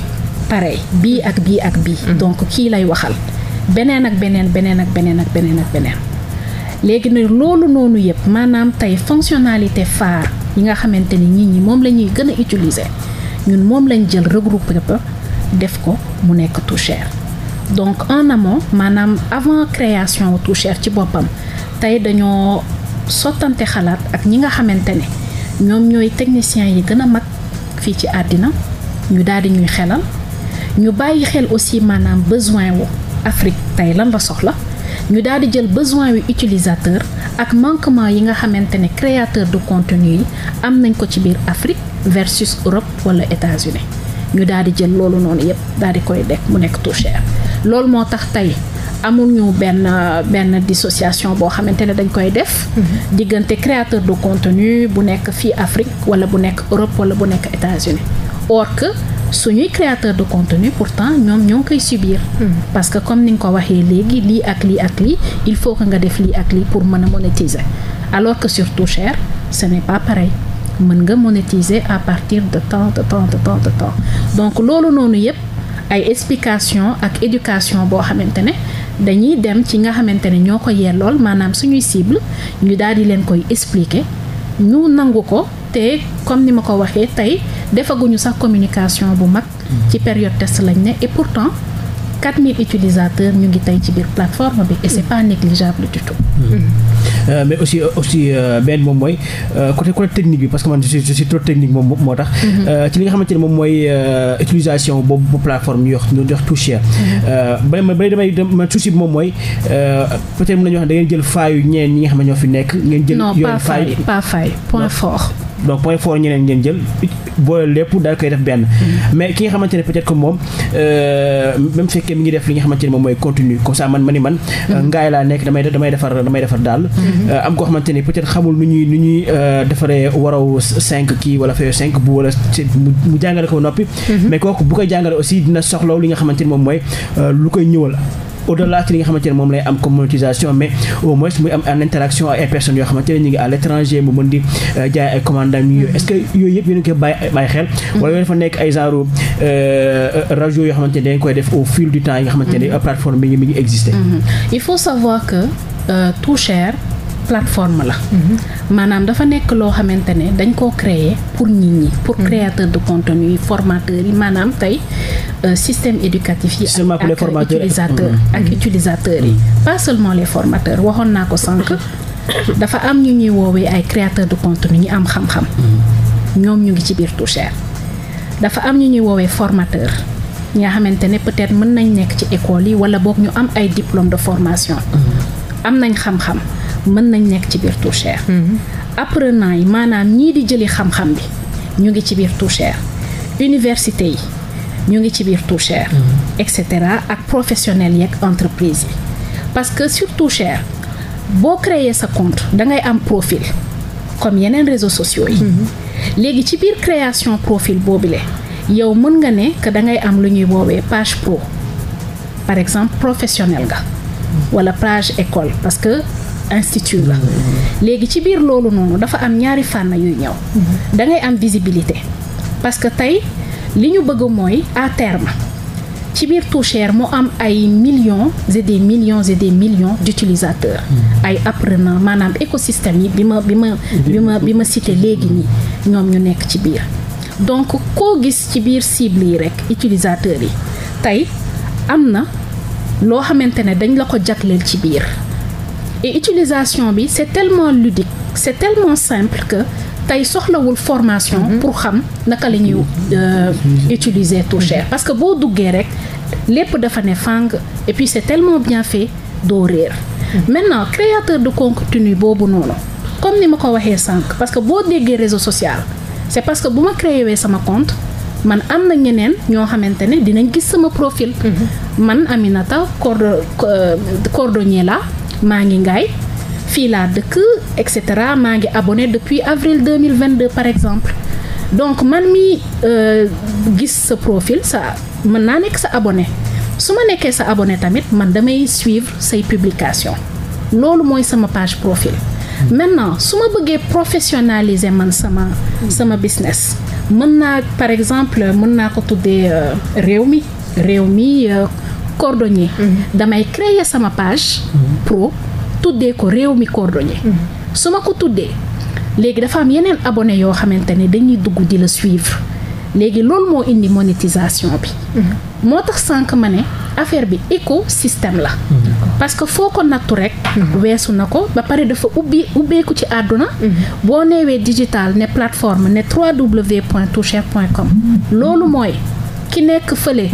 pareil bii ak bii ak bi donc kii lay waxal beneen ak beneen beneen ak beneen ak beneen ak beneen léegi nag loolu noonu yëpp maanaam tey fonctionnalité phare ñi nga xamante ni nit ñi moom la ñuy gën a utiliser ñun moom lañ jël regroupé ko def ko mu nekk Toucher donc en amont maanaam avant création Toucher ci boppam tey dañoo sottante xalaat ak ñi nga xamante ne ñoom ñooy techniciens yi gën a mag fii ci àddina ñu daal di ñuy xelal ñu bàyyi xel aussi maanaam besoin wu Afrique tey lan la soxla ñu daal di jël besoin wi utilisateur ak manquement yi nga xamante ne créateur de contenu yi am nañ ko ci biir Afrique versus Europe wala États-Unis ñu daal di jël loolu noonu yépp daal di koy dekk mu nekk tout cher loolu moo tax tey amuñu benn benn dissociation boo xamante ne dañ koy def. Mm-hmm. diggante créateur du contenu bu nekk fii Afrique wala bu nekk Europe wala bu nekk États-Unis or que suñuy créateur de contenu pourtant ñoom ñoo ngi koy subir hmm. parce que comme ni nga ko waxee léegi lii ak lii ak lii il faut que nga def lii ak lii pour mën a monétiser alors que surtout Toucher ce n'est pas pareil mën nga monétiser à partir de temps de temps de temps de temps donc loolu noonu yëpp ay explication ak éducation boo xamante ne dañuy dem ci nga xamante ne ñoo ko yellool maanaam suñuy cible ñu daal di leen koy expliquer ñu nangu ko te comme ni ma ko waxee tey defaguñu sax communication bu mag. ci période test lañ ne et pourtant 4000 utilisateurs ñu ngi tey ci biir plateforme bi et c'est pas négligeable du tout. Euh, mais aussi euh, aussi euh, benn moom mooy côté côté technique bi parce que man je suis je suis trop technique moom moo tax. Mm-hmm. ci li nga xamante ne moom mooy utilisation boobu bu plateforme ñu wax ñu wax Tushare. ba man ba damay man souci bi moom mooy peut-être mën nañu wax da ngeen jël faayu ñeen ñi nga xam ne ñoo fi nekk. ngeen jël yoon faay point fort. donc point fort ñeneen ngeen jël boole lépp daal koy def benn mm-hmm. mais ki nga xamante ne peut moom euh, même fekkee mi ngi def li nga xamante ne moom mooy continue comme ça man ma ni man mm-hmm. euh, ngaay laa nekk damay damay defar damay defar daal mm-hmm. euh, am koo xamante peut-être xamul nu ñuy nu ñuy defaree waraw cinq kii wala fayo cinq bu mu jàngale ko noppi mais kooku bu jàngale aussi dina soxlaw li nga xamante ne moom mooy lu koy ñëwal au-delà ci li nga xamante ne moom lay am comme mais au moins muy am interaction ay personnes yoo xamante ne ñu ngi à mu mën di euh, jaay ay commandes am est-ce yooyu yëpp yéen a ngi koy xel mm-hmm. wala yooyu dafa nekk ay genre euh, rajo yoo xamante ne koy def au fil du temps yi xamante ne mm-hmm. plateforme bi mi ngi exister mm-hmm. il plateforme la. Mhm. maanaam dafa nekk loo xamante ne dañ koo créer pour nit ñi. pour mhm. créateur de contenu yi formateurs yi maanaam tey euh, système éducatif yi. ak utilisateur mhm. ak utilisateurs yi. pas seulement les formateur waxoon naa ko sànq. dafa am ñu ñuy woowee ay créateur de contenu ñu am xam-xam. ñoom ñu ngi ci biir Toucher. dafa am ñu ñuy woowee formateur. ñi nga xamante ne peut-être mën nañ nekk ci école yi wala boog ñu am ay diplôme de formation. am nañ xam-xam. mën nañ nekk ci biir Toucher. Mhm. apprenant yi maanaam ñii di jëli xam-xam bi ñu ngi ci biir Toucher université yi ñu ngi ci biir Toucher. Mhm. et cetera ak professionnels yeeg entreprise yi parce que sur Toucher boo créer sa compte da ngay am profil comme yeneen réseau sociaux yi. Mhm. léegi ci biir création profil boobule yow mën nga ne que da ngay am lu ñuy woowee page pro par exemple professionnel nga wala page école parce que institut la léegi ci biir loolu noonu dafa am ñaari fànn yuy ñëw da am visibilité parce que tey li ñu bëgg mooy à terme ci biir Toucher mu am ay millions et des millions et des millions d'utilisateurs ay apprenants maanaam écosystème yi bi ma bi ma bi bi ma cité léegi nii ñoom ñu nekk ci biir donc koo gis ci biir cible yi rek utilisateurs yi tey am na loo xamante ne dañ la ko jagleel ci biir utilisation bi c'est tellement ludique c'est tellement simple que tey soxlawul formation mhm. pour xam naka la ñuy euh, utiliser Toucher parce que boo duggee rek lépp dafa ne fang et puis c'est tellement bien fait doo réer mhm. maintenant créateur de contenu boobu noonu comme ni ma ko waxee sànq parce que boo déggee réseau social c'est parce que bu ma créé sama compte man am na ñeneen ñoo xamante ne dinañ gis sama profil mhm. man Aminata cordo euh, cordonnier la maa ngi ngaay fii laa dëkk et cetera maa ngi abonné depuis avril 2022 par exemple donc man mi euh, gis sa profil sa mën naa nekk sa abone su ma nekkee sa abone tamit man damay suivre say publication loolu mooy sama page profil maintenant su ma bëggee professionnaliser man sama sama business mën naa par exemple mën naa ko tuddee euh, réew mi réew mi euh, cordonnier mhm. damay créer sama page mhm. pro tuddee ko réew mi cordonnier mhm. su ma ko tuddee léegi dafa am yeneen abonné yoo xamante ne dañuy dugg di la suivre léegi loolu moo indi monétisation bi moo tax sànq ma ne affaire bi écosystème la parce que foo ko nattu rek weesu na ko ba pare dafa ubbi ubbeeku ci àdduna boo neewee digital ne plateforme ne www.toucher.com loolu mooy ki nekk fële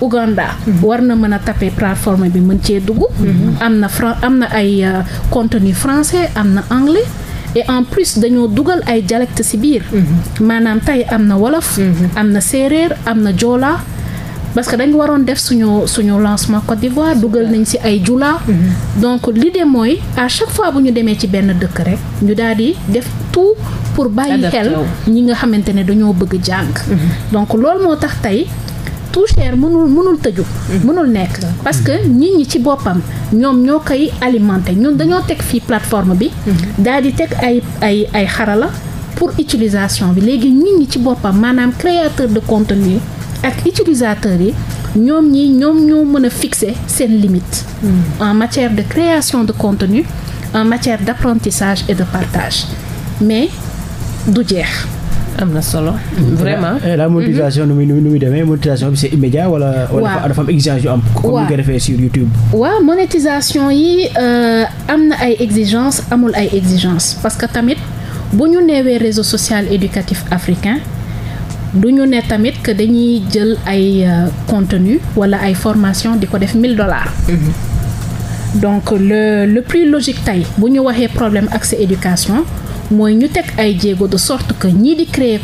Ouganda war na mën a taper plateforme bi mën cee dugg mhm. am na fran am na ay euh, contenu français am na anglais et en plus dañoo dugal ay dialecte ci biir mhm. maanaam tey am na wolof mhm. am na séeréer am na joola parce que dañ waroon def suñu suñu lancement Côte d'Ivoire dugal nañ ci ay jula donc li de mooy à chaque fois bu ñu demee ci benn dëkk rek ñu daal di def tout pour bàyyi xel ñi nga xamante ne dañoo bëgg jàng donc loolu moo tax tey poussière mënul mënul tëju. Mm-hmm. mënul nekk parce que mm-hmm. nit ñi ci boppam ñoom ñoo koy alimenter ñun dañoo teg fii plateforme bi. Mm-hmm. daal di teg ay ay ay xarala pour utilisation bi léegi nit ñi ci boppam maanaam créateur de contenu ak utilisateur yi. ñoom ñi ñoom ñoo mën a fixer seen limite en matière de création de contenu en matière d'apprentissage et de partage mais du jeex am na solo vraiment. la monétisation nu muy nu muy demee monétisation bi c'est immédiat wala. wala dafa am exigence yu am. waaw comme ni nga defee sur YouTube. waaw monétisation yi euh, am na ay exigences amul ay exigences parce que tamit bu ñu neewee réseau social éducatif africain du ñu ne tamit que dañuy jël ay euh, contenu wala ay formation di ko def 1000 dollars. Mm-hmm. donc le le plus logique tey bu ñu waxee problème accès éducation. mooy ñu teg ay jéego de sorte que ñii di créer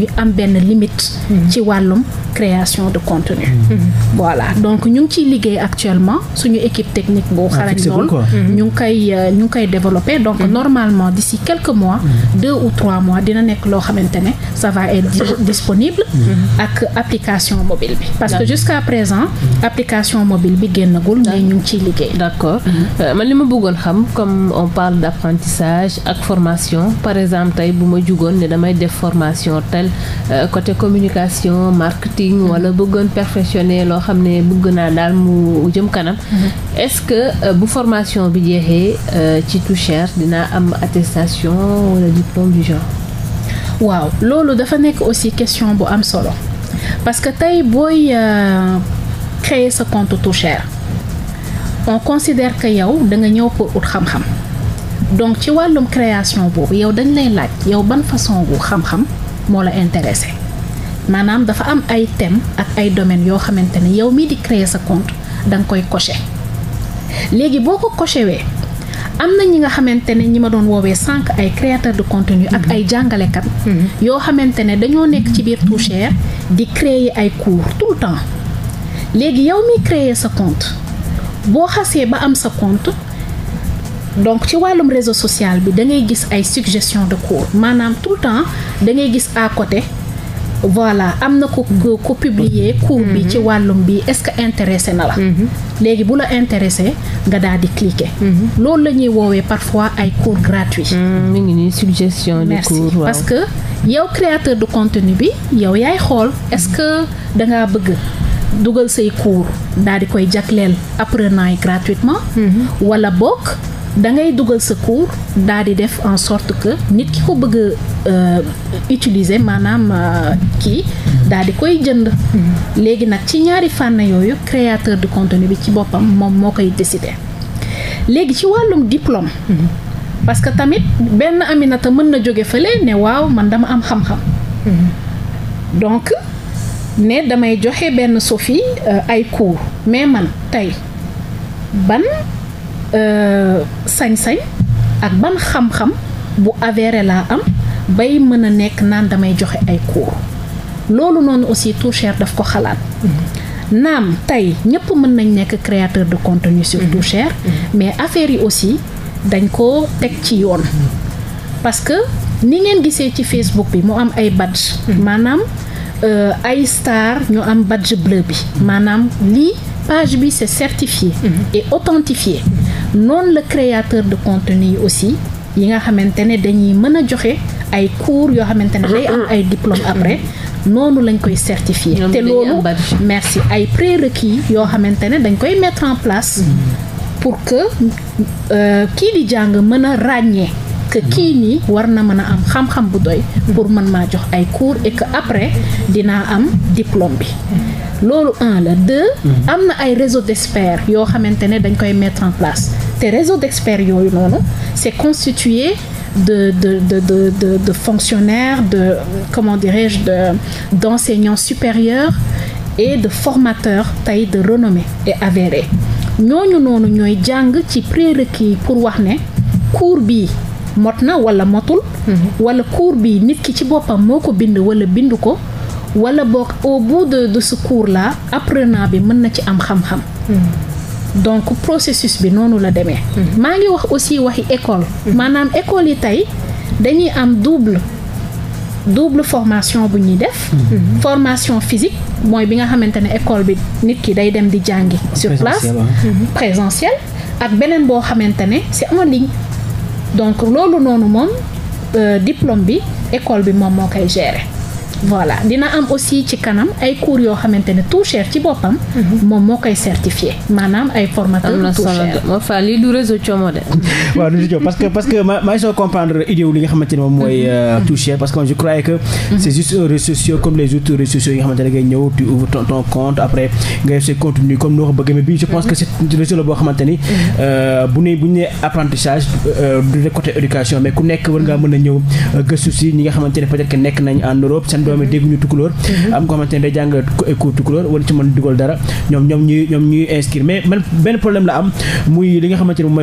yi am benn limite. ci wàllum création de contenu. Mm. voilà donc ñu ngi ciy liggéey actuellement suñu équipe technique bu ah, xarañ lool mm-hmm. ñu ngi koy euh, ñu ngi koy développé donc mm-hmm. normalement si quelque mois mm-hmm. deux ou trois mois dina nekk loo xamante ne ça va être disponible ak application mobile bi parce que jusqu'à présent application mobile bi génnagul mais ñu ngi ciy liggéey d'accord euh, man li ma bëggoon xam comme on parle d'apprentissage ak formation par exemple tey bu ma jugoon ne damay def formation t coaching wala bëggoon perfectionner loo xam ne bëgg naa daal mu jëm kanam mhm. est-ce que euh, bu formation bi jeexee euh, ci tout cher dinaa am attestation wala diplôme du genre waaw loolu dafa nekk aussi question bu am solo parce que tey booy euh, créer sa compte Toucher on considère que yow da nga ñëw ko ut xam-xam donc ci wàllum création boobu yow dañ lay laaj yow ban façon bu xam-xam moo la intéressé maanaam dafa am ay thèmes ak ay domaines yoo xamante ne yow mii di créer sa compte danga koy cocher léegi boo ko coché wee am na ñi nga xamante ne ñi ma doon woowee sànq ay créateur de contenu ak mhm. ay jàngalekat mhm. yoo xamante ne dañoo nekk ci biir Too di créer ay cours tout le temps léegi yow mi créer sa compte boo xasee ba am sa compte donc ci wàllum réseau sociale bi da gis ay suggestion de cours maanaam tout le temps da gis à côté voilà am na ko ku publier cours bi ci wàllum bi est-ce que intéressé na la mm-hmm. léegi bu la intéressé nga daal di cliquer mm-hmm. loolu la ñuy woowee parfois ay cours gratuits mm, mi ngi ni suggestion de cours parce que yow créateur de contenu bi yow yaay xool est-ce que dangaa bëgg dugal say cours daal di koy jagleel apprenant yi gratuitement mm-hmm. wala bokk da ngay dugal sa cours daal di def en sorte que nit ki ko bëgg a euh, utiliser maanaam euh, kii daal di koy jënd. Mm-hmm. léegi nag ci ñaari fànn yooyu créateur de contenu bi ci boppam moom moo koy décider léegi ci wàllum diplôme. Mm-hmm. parce que tamit benn Aminata mën na jóge fële ne waaw man dama am xam-xam. Mm-hmm. donc ne damay joxe benn Sophie euh, ay cours mais man tey ban. Euh, sañ-sañ ak ban xam-xam bu avere laa am bay mën a nekk naan damay joxe ay cours loolu noonu aussi tout cher daf ko xalaat mm-hmm. naam tey ñëpp mën nañ nekk créateur de contenu sur mm-hmm. tout cher mm-hmm. mais affaire yi aussi dañ ko teg ci yoon parce que ni ngeen gisee ci Facebook bi mu am ay badge maanaam euh, ay star ñu am badge bleu bi maanaam lii page bi c'est certifié et authentifié noonu la créateur de contenu yi aussi yi nga xamante ne dañuy mën a joxe ay cours yoo xamante ne day ay diplôme après noonu lañ koy certifié te loolu merci ay prérequis yoo xamante ne dañ koy mettre en place mm. pour que euh, kii di jàng mën a ràññee que kii nii war na mën a am xam-xam bu doy pour mën maa jox ay cours et que après dina am diplôme bi loolu un la deux mhm. am na ay réseau d'experts yoo xamante ne dañ koy mettre en place te réseau d'experts yooyu noonu c'est constitué de de de de de de fonctionnaires de comment dirais-je de d'enseignants supérieurs et de formateurs tey de renommée et avérés ñooñu noonu ñooy jàng ci kii pour wax ne cours bii mot na wala motul mhm. wala cours bii nit ki ci boppam moo ko bind wala bind ko wala boog au bout de de ce cours là bi mën na ci am xam-xam mhm. donc processus bi noonu la demee mhm. maa ngi wax aussi waxi école maanaam école yi tey dañuy am double double formation bu ñuy def formation physique mooy bi nga xamante ne école bi nit ki day dem di jàngi sur place présentiel ak beneen boo xamante ne c'est en ligne donc loolu noonu moom euh, diplôme bi école bi moom moo koy gérer. voilà dina am aussi ci kanam ay cours yoo xamante ne tout cher ci boppam. Mhm. moom moo koy certifié maanaam ay formateur tout cher am na lii du réseau Como de. waaw du réseau parce que parce que soo comprendre idée li nga xamante moom mooy mhm. euh, tout cher parce que je croyais que. Mhm. c' est juste sociaux comme les autres réseaux sociaux yi nga xamante ngay ñëw ton compte après ngay se contenu comme noo ko bëggee mais bii je pense que c' est réseau la boo xamante euh, bu ne bu ñu apprentissage euh, du côté éducation mais ku nekk war ngaa mën a ñëw gëstu si ñi nga doom yi dégguñu tukulóor mhm. am ko xamante ne day jàng cours tukulóor wala ci mën dugal dara ñoom ñoom ñuy ñoom mais benn problème la am muy li nga xamante moom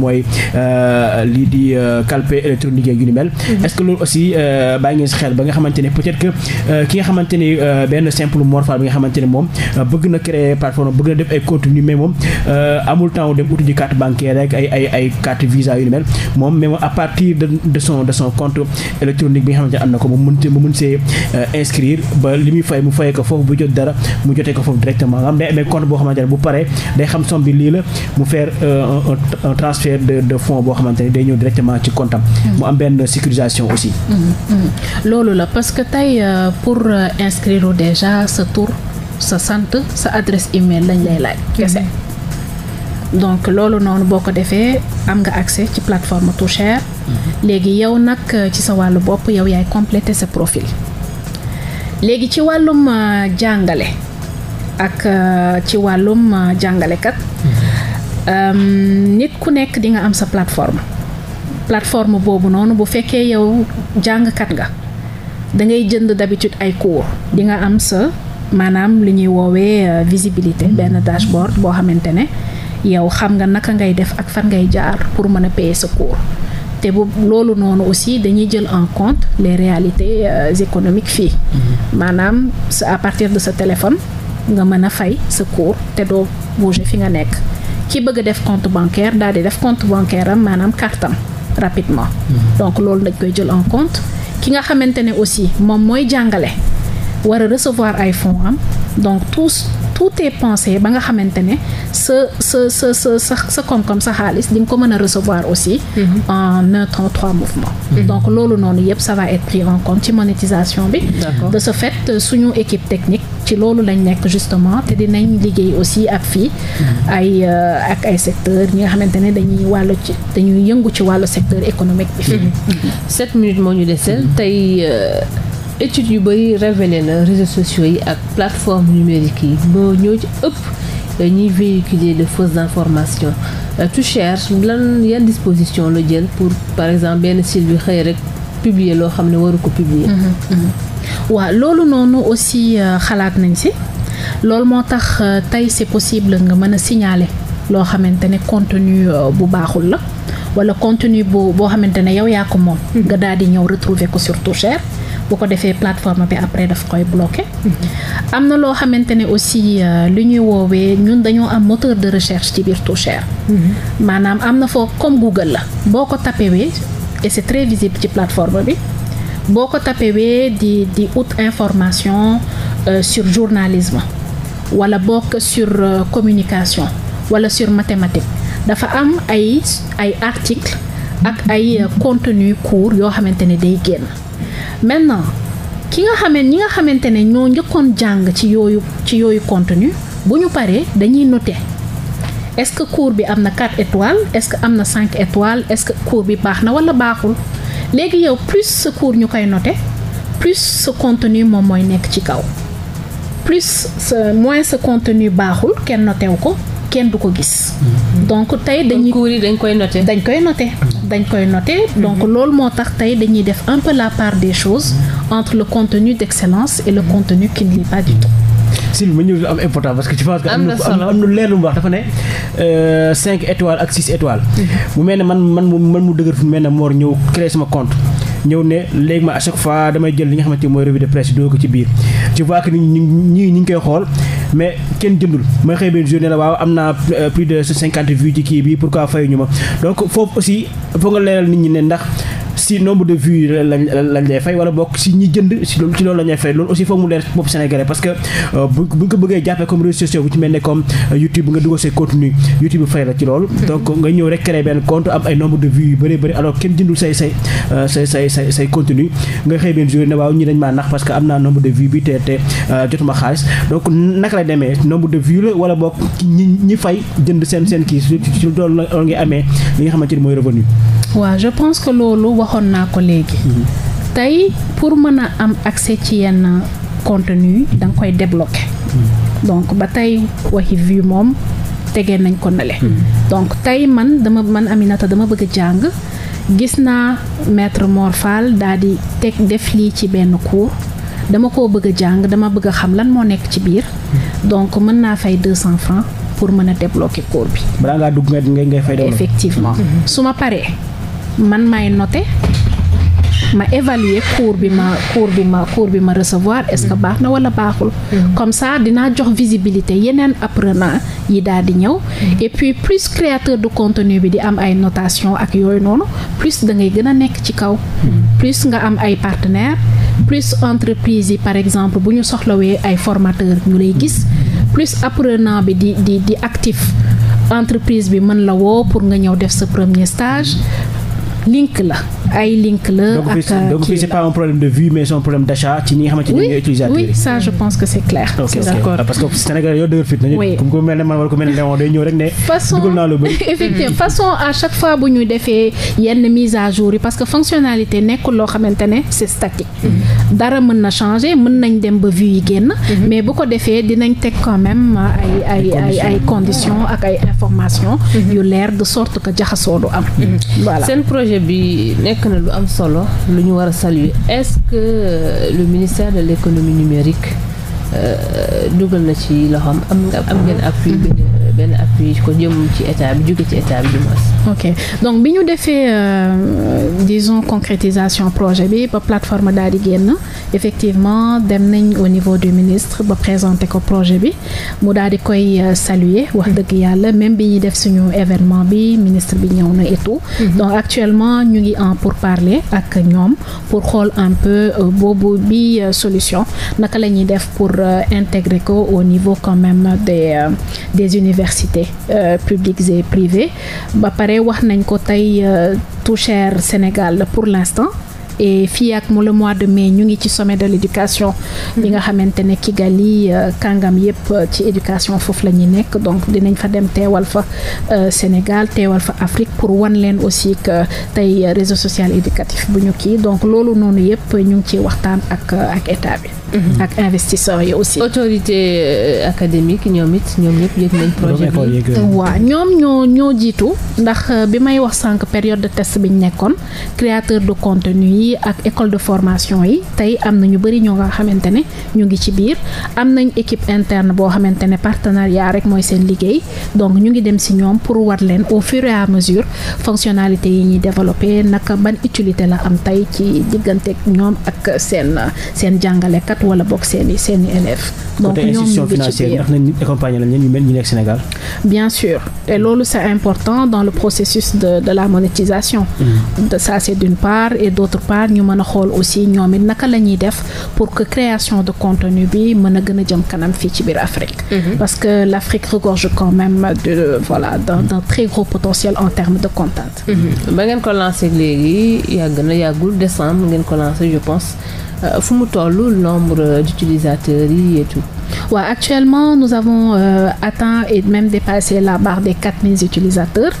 mooy lii di mhm. euh, euh, calpe électronique yu ni mel est-ce que loolu aussi euh, bàyyi ngeen xel ba nga xamante peut-être que ki nga xamante benn simple morphal bi nga xamante moom bëgg na créer plateforme bëgg na def ay contenu mais moom euh, amul temps dem uti ji rek ay ay ay moom mais moom à partir de son de son compte électronique bi nga xamante ne am na ko mu mën mu mën see euh, ba li muy fay mu fayee ko foofu bu jot dara mu jotee ko foofu directement nga xam day amee compte boo xamante ne bu paree day xam somme bi lii la mu faire euh, un transfert de de fonds boo xamante ne day ñëw directement ci compte am mu am benn sécurisation aussi mm-hmm. Mm-hmm. loolu la parce que tey sa tour sa sant sa adresse email lañ lay laaj mhm. kese donc loolu noonu boo ko defee am nga accès ci plateforme Too Chers mhm. léegi yow nag euh, ci sa wàllu bopp yow yaay compléter sa profil léegi ci wàllum euh, jàngale ak euh, ci wàllum jàngalekat mhm. nit ku nekk di nga am sa plateforme plateforme boobu noonu bu fekkee yow jàngkat nga da ngay jënd d'habitude ay cours dinga am sa maanaam li ñuy woowee euh, visibilité mm-hmm. benn dashboard boo xamante ne yow xam nga naka ngay def ak fan ngay jaar pour mën a payer sa cours te bu loolu noonu aussi dañuy jël en compte les réalités euh, économiques fii mm-hmm. maanaam sa à partir de sa téléphone nga mën a fay sa cours te doo bouger fi nga nekk ki bëgg def compte bancaire daal di def compte bancaire am maanaam kartam rapidement mm-hmm. donc loolu dañ koy jël en compte ki nga xamante ne aussi moom mooy jàngale war a recevoir ay fonds am donc tout tout est pensé ba nga xamante ne sa sa sa sa sa sa koom-koom sa xaalis di nga ko mën a recevoir aussi. Mhm. en un temps trois mouvements. Mhm. donc loolu noonu yëpp ça va être pris en compte ci monétisation bi. de ce fait suñu équipe technique ci loolu lañ nekk justement te dinañ liggéey aussi ak fii. Mhm. ay euh, ak ay secteurs ñi nga xamante ne dañuy wàllu ci dañuy yëngu ci wàllu secteur économique bi. sept minutes moo ñu desel tey. Euh, études yu bëri révélé na réseaux sociaux yi ak plateforme numérique yi boo ñoo ci ëpp ñuy véhiculer de fausses informations euh, tout cher lan yan disposition la jël pour par exemple benn site bi xëy rek publier loo xam ne waru ko publier mhm, mhm. waaw loolu noonu aussi euh, xalaat nañ si loolu moo tax euh, tey c'est possible nga mën a signaler loo xamante ne contenu bu baaxul la wala contenu bu boo xamante ne yow yaa ko moom mhm. nga daal di ñëw retrouver ko surtout Tout bu ko defee plateforme bi après daf koy bloqué am na loo xamante ne aussi euh, lu ñuy woowee ñun dañoo am moteur de recherche ci biir chair maanaam am na foog comme Google la boo ko tapewee et c'est très visible ci plateforme bi boo ko tapewee di di out information euh, sur journalisme wala bokk sur euh, communication wala sur mathématique dafa am ay ay article ak ay euh, contenu court yoo xamante ne day génn maintenant ki nga xamee ñi nga xamante ne ñoo njëkkoon jàng ci yooyu ci yooyu contenu bu ñu paree dañuy noter est-ce que cours bi am na quatre étoiles est-ce que am na cinq étoiles est-ce que cours bi baax na walla baaxul léegi yow plus sa cours ñu koy note plus sa contenu moom mooy nekk ci kaw plus sa moins sa contenu baaxul kenn notew ko kenn du ko gis. Mm-hmm. donc tey dañuy cours yi dañ koy noter dañ koy noter dañ koy noter donc mhm. loolu moo tax tey dañuy def un peu la part des choses entre le contenu d'excellence et le contenu qui ne l'est pas du tout Sylvie ma ñëw am important parce que je pense que am am lu leer lu mu wax dafa ne euh, cinq étoiles ak mhm. mu mel ne man man man mu dëgër fu mel ne Mor ñëw créer sama compte ñëw ne léegi ma à chaque fois damay jël li nga xamante ni mooy revue de presse doo ko ci biir je vois ñu ni ñi ñi ngi koy xool mais kenn jëndul ma xëy benn journée la waaw am na euh, plus de cinquante vues ci kii bi pourquoi ñu ma donc foofu aussi foog nga leeral nit ñi ne ndax si nombre de vues lañ lañ lay fay wala bokk si ñi jënd si loolu ci loolu fay loolu aussi foog mu leer bopp sénégalais parce que euh, bu buñ bëggee jàppee comme réseaux sociaux bu ci mel ne comme euh, YouTube nga dugal say contenu YouTube fay la ci loolu hmm. donc nga ñëw rek créer benn kenn jëndul say say euh, say nga xëy benn jour ne waaw ñi dañ maa nax parce que am naa nombre de vues bi te te jotuma xaalis donc naka lay demee nombre de vues la wala bokk ñi ñi fay jënd seen seen kii ci loolu la ngay amee li nga xamante ni mooy revenu waa je pense que loolu waxoon naa ko léegi. Mhm. tey pour mën a am accès ci yenn contenu da nga koy débloqué. Mhm. donc ba tey waxi vue moom tegee nañ ko nale mhm. donc tey man dama man Aminata dama bëgg jàng gis naa maître Mor Fall daal di teg def lii ci benn cours dama ko bëgg jàng dama bëgg xam lan moo nekk ci biir donc mën naa fay deux cents francs pour mën a débloquer cours bi. balaa ngaa dugg di ngay fay effectivement su ma paree. man may note ma évaluer cours bi ma cours bi ma cours bi ma recevoir est que mm. baax na wala baaxul mm. comme ça dinaa jox visibilité yeneen apprenant yi daal di ñëw mm. et puis plus créateur de contenu bi di am ay notation ak yooyu noonu plus da ngay gën a nekk ci kaw plus nga am ay partenaires plus entreprise yi par exemple bu ñu soxlawee ay formateurs ñu lay gis plus apprenant bi di di di actif entreprise bi mën la woo pour nga ñëw def sa premier stage link la ay link la. ak donc c'est pas un problème de vue mais c'est un problème d'achat ci ñi nga xamante ne ñooy utilisateur oui ça je pense que c'est ah, mel ne man wala ku mel ne Léon mhm. dara mën na changer mën nañ dem ba vue yi génn. Mhm. mais bu ko defee dinañ teg ko même ay ay condition ak ay informations. Mhm. yu leer de sorte que jaxasoo du am. voilà projet bi nekk na lu am solo lu ñu war a saluer est-ce que le ministère de l'économie numérique euh, dugal na ci loxom am nga am ngeen appui benn appui ko jëm ci état bi donc bi ñu defee euh, disons concrétisation projet bi ba plateforme daal di génn effectivement dem nañ au niveau du ministre ba présenter ko projet bi mu daal di koy euh, saluer wax dëgg yàlla même bi ñuy def suñu événement bi ministre bi ñëw na et tout. Mhm. donc actuellement ñu ngi en pour parler ak ñoom pour xool un peu euh, boobu bi solution naka la ñuy def pour intégrer ko au niveau quand même des universités universités euh, publiques et privées ba pare wax nañ ko tey euh, tout cher Sénégal pour l'instant et fii ak mu le mois de mais ñu ngi ci sommet de l'éducation li mm-hmm. nga xamante ne Kigali euh, kàngam yépp ci éducation foofu la ñuy nekk donc dinañ fa dem teewal fa Sénégal teewal fa Afrique pour wan leen aussi que tey réseau social éducatif bu ñu kii donc loolu noonu yépp ñu ngi ci waxtaan ak ak état bi Mhm. ak investisseurs yi aussi. autorité euh, académique ñoom it ñoom ñëpp yëg nañ projet bi waaw ñoom ñoo ñoo jiitu ndax euh, bi may wax sànq période de test bi ñu nekkoon créateur de contenu yi ak école de formation yi tey am na ñu bëri ñoo nga xamante ne ñu ngi ci biir am nañ équipe interne boo xamante ne partenariat rek mooy seen liggéey donc ñu ngi dem si ñoom pour war leen au fur et à mesure fonctionnalité yi ñu développé naka ban utilité la am tey ci diggante ñoom ak wala bokk seen i seen i élèves. donc ñoom institution financière ndax nañu accompagner leen ñu mel ñu nekk Sénégal. bien sûr te loolu c' important dans le processus de de la monétisation. de mm-hmm. ça c' est d' part et d' part ñu mën a xool aussi ñoom it naka la def pour que création de contenu bi mën a gën a jëm kanam fii ci biir Afrique. Mm-hmm. parce que l' Afrique quand même de voilà d' très gros potentiel en termes de content. Mm-hmm. ba ngeen ko lancé léegi yàgg na yàggul décembre Euh, fu mu toll nombre d'utilisateurs yi et tout. waaw ouais, actuellement nous avons euh, atteint et même dépassé la barre des 4000 utilisateurs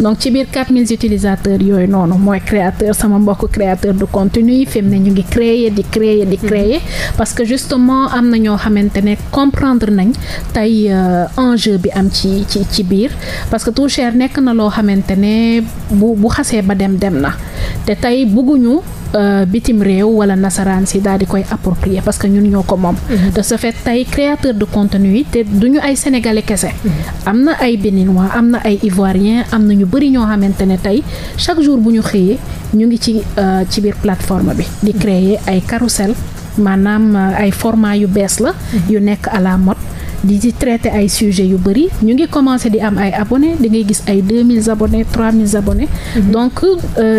donc ci biir 4000 utilisateurs yooyu noonu mooy créateur sama mbokk créateur de contenu yi fi mu ne ñu ngi créer di créer di mhm. créer parce que justement am na ñoo xamante ne comprendre nañ tey euh, enjeu bi am ci ci ci biir parce que tout cher nekk na loo xamante ne bu bu xasee ba dem dem na te tey bugguñu Euh, bitim réew wala nasaraan si daal di koy approprier parce que ñun ñoo ko moom mhm. de ce fait tey créateur de contenu yi te duñu ay sénégalais kese mhm. am na ay béninois am na ay ivoirien am na ñu bëri ñoo xamante ne tey chaque jour bu ñu xëyee ñu ngi ci euh, ci biir plateforme bi di mhm. créer ay carrousel maanaam euh, ay format yu bees la yu nekk à la mode di ci traité ay sujets yu bëri ñu ngi commencé di am ay abonnés di ngay gis ay 2000 abonnés 3000 abonnés donc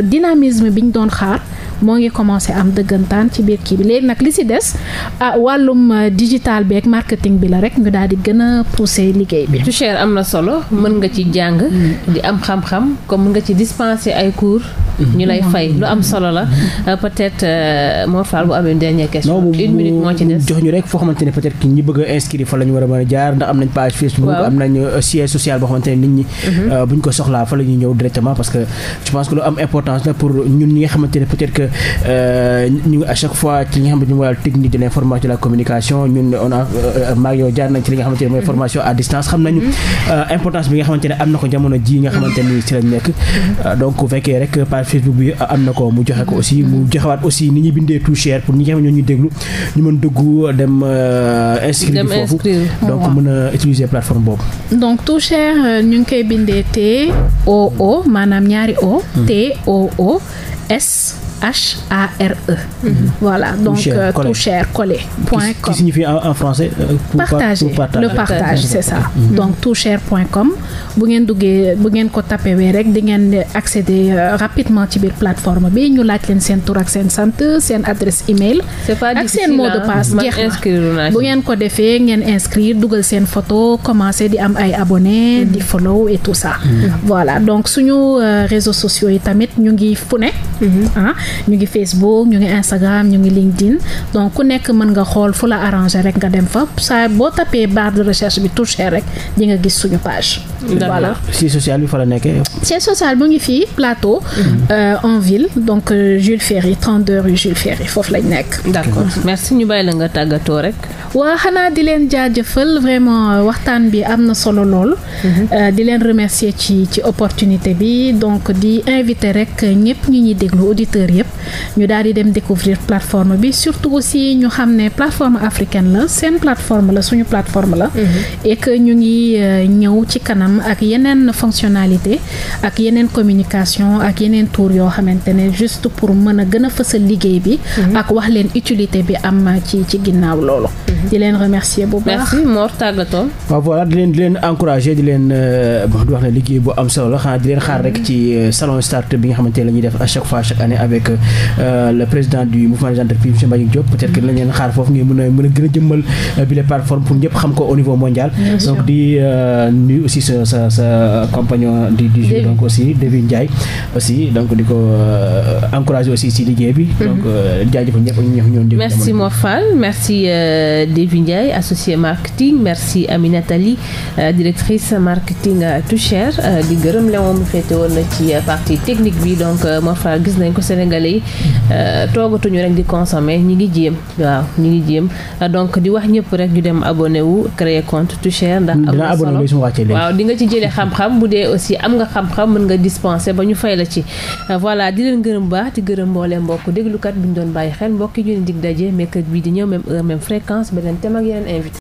dynamisme bi ñu doon xaar moo ngi commencé am dëggantaan ci biir kii bi léegi nag li si des ah wàllum euh, digital bi ak marketing bi la rek ñu daal di gën a pousser liggéey bi. Tuchère am na solo mën nga ci jàng. Mm. di am xam-xam comme mën nga ci dispenser ay cours. Mm. ñu lay mm. fay lu am solo la euh, peut-être euh, moo faal bu amee une dernière question. une minute moo ci des jox ñu rek foo xamante ne peut ki ñi bëgg a inscrire fa ñu war a mën a jaar ndax am nañ page Facebook. am nañ siège social boo xamante ne que euh, ñu a chaque fois ci li nga xamante ni a technique de l'information de la communication ñun on a maag yow jaar ci li nga xamante ne mooy mm-hmm. formation à distance xam nañu mm-hmm. euh, importance bi nga xamante ne am na ko jamono ji nga xamante ni ci lañ nekk mm-hmm. euh, donc bu fekkee rek page Facebook bi am na ko mu joxe ko aussi mu joxewaat aussi ni ñuy bindee tout cher pour ñu mën dugg dem inscrire foofu donc mën a utiliser plateforme boobu donc tout cher O O maanaam ñaari mm. H A R E. Mhm. voilà donc euh, tout cher collé point com. qui signifie en français. Euh, partager le partage c'est ça. Mhm. donc tout cher point com bu ngeen duggee bu ngeen ko tapewee rek di ngeen accéder euh, rapidement ci biir plateforme bi ñu laaj leen seen tur seen sant seen adresse email. c'est pas difficile ak seen mot de passe jeex bu ngeen ko defee ngeen inscrire dugal seen foto commencer di am ay abonnés di mhm. follow et tout ça. voilà donc suñu réseaux sociaux yi tamit ñu ngi fu Mm-hmm. ah ñu ngi Facebook ñu ngi Instagram ñu ngi LinkedIn donc ku nekk mën nga xool fu la arrangé rek nga dem fa saa boo tapee barre de recherche bi touché rek di nga gis suñu page. voilà siège social bi fa la nekkee. siège social ngi fii plateau. Mm-hmm. Euh, en ville donc euh, Jules Ferry 32 rue Jules Ferry foofu lañu nekk. d'accord merci ñu bàyyi la nga tàggatoo rek. waa xanaa di leen jaajëfal vraiment waxtaan bi am na solo lool. Mm-hmm. Euh, di leen remercier ci ci opportunité bi donc di invité rek ñëpp ñu ñi déglu auditeurs yëpp ñu daal di dem découvrir plateforme bi surtout aussi ñu xam ne plateforme africaine la seen plateforme la suñu plateforme la. Mhm. et que ñu ngi euh, ñëw ci kanam ak yeneen fonctionnalité ak yeneen communication ak yeneen tour yoo xamante ne juste pour mën a gën a fësal liggéey bi. Mhm. ak wax leen utilité bi am ci ginnaaw loolu. Mhm. di leen remercier bu baax merci Mor tàggatoo. waaw voilà di leen di leen encourager di leen euh, wax ne liggéey bu am solo la xanaa di leen xaar fois chaque année avec euh, le président du mouvement des entreprises monsieur Mbagnick Diop peut-être que dinañ xaar foofu ngeen mën a gën a jëmmal euh, bi les plateformes pour ñëpp xam ko au niveau mondial donc di euh, nuyu aussi sa sa sa compagnon di du jour donc aussi David Ndiaye aussi donc di ko encourager aussi si liggéey bi mm-hmm. donc jaajëfal ñëpp ñu ñëw ñoon merci Mor Fall merci David Ndiaye associé marketing merci Aminata Ly directrice marketing Toucher di gërëm Léon mu féete woon na ci partie technique gis nañ ko Sénégalais yi euh, toogatuñu rek di consommer ñi ngi jéem waaw ñi ngi jéem euh, donc di wax ñëpp rek ñu dem abonné wu créer compte Tucher ndax am na solo waaw di nga ci jëlee xam-xam bu dee aussi am nga xam-xam mën nga dispenser ba ñu fay la ci euh, voilà di leen gërëm baax di gërëm mboolee mbokk déglukat bu ñu doon bàyyi xel mbokk yi ñu ne dig daje mercredi bi di ñëw même heure même fréquence beneen thème yeneen invité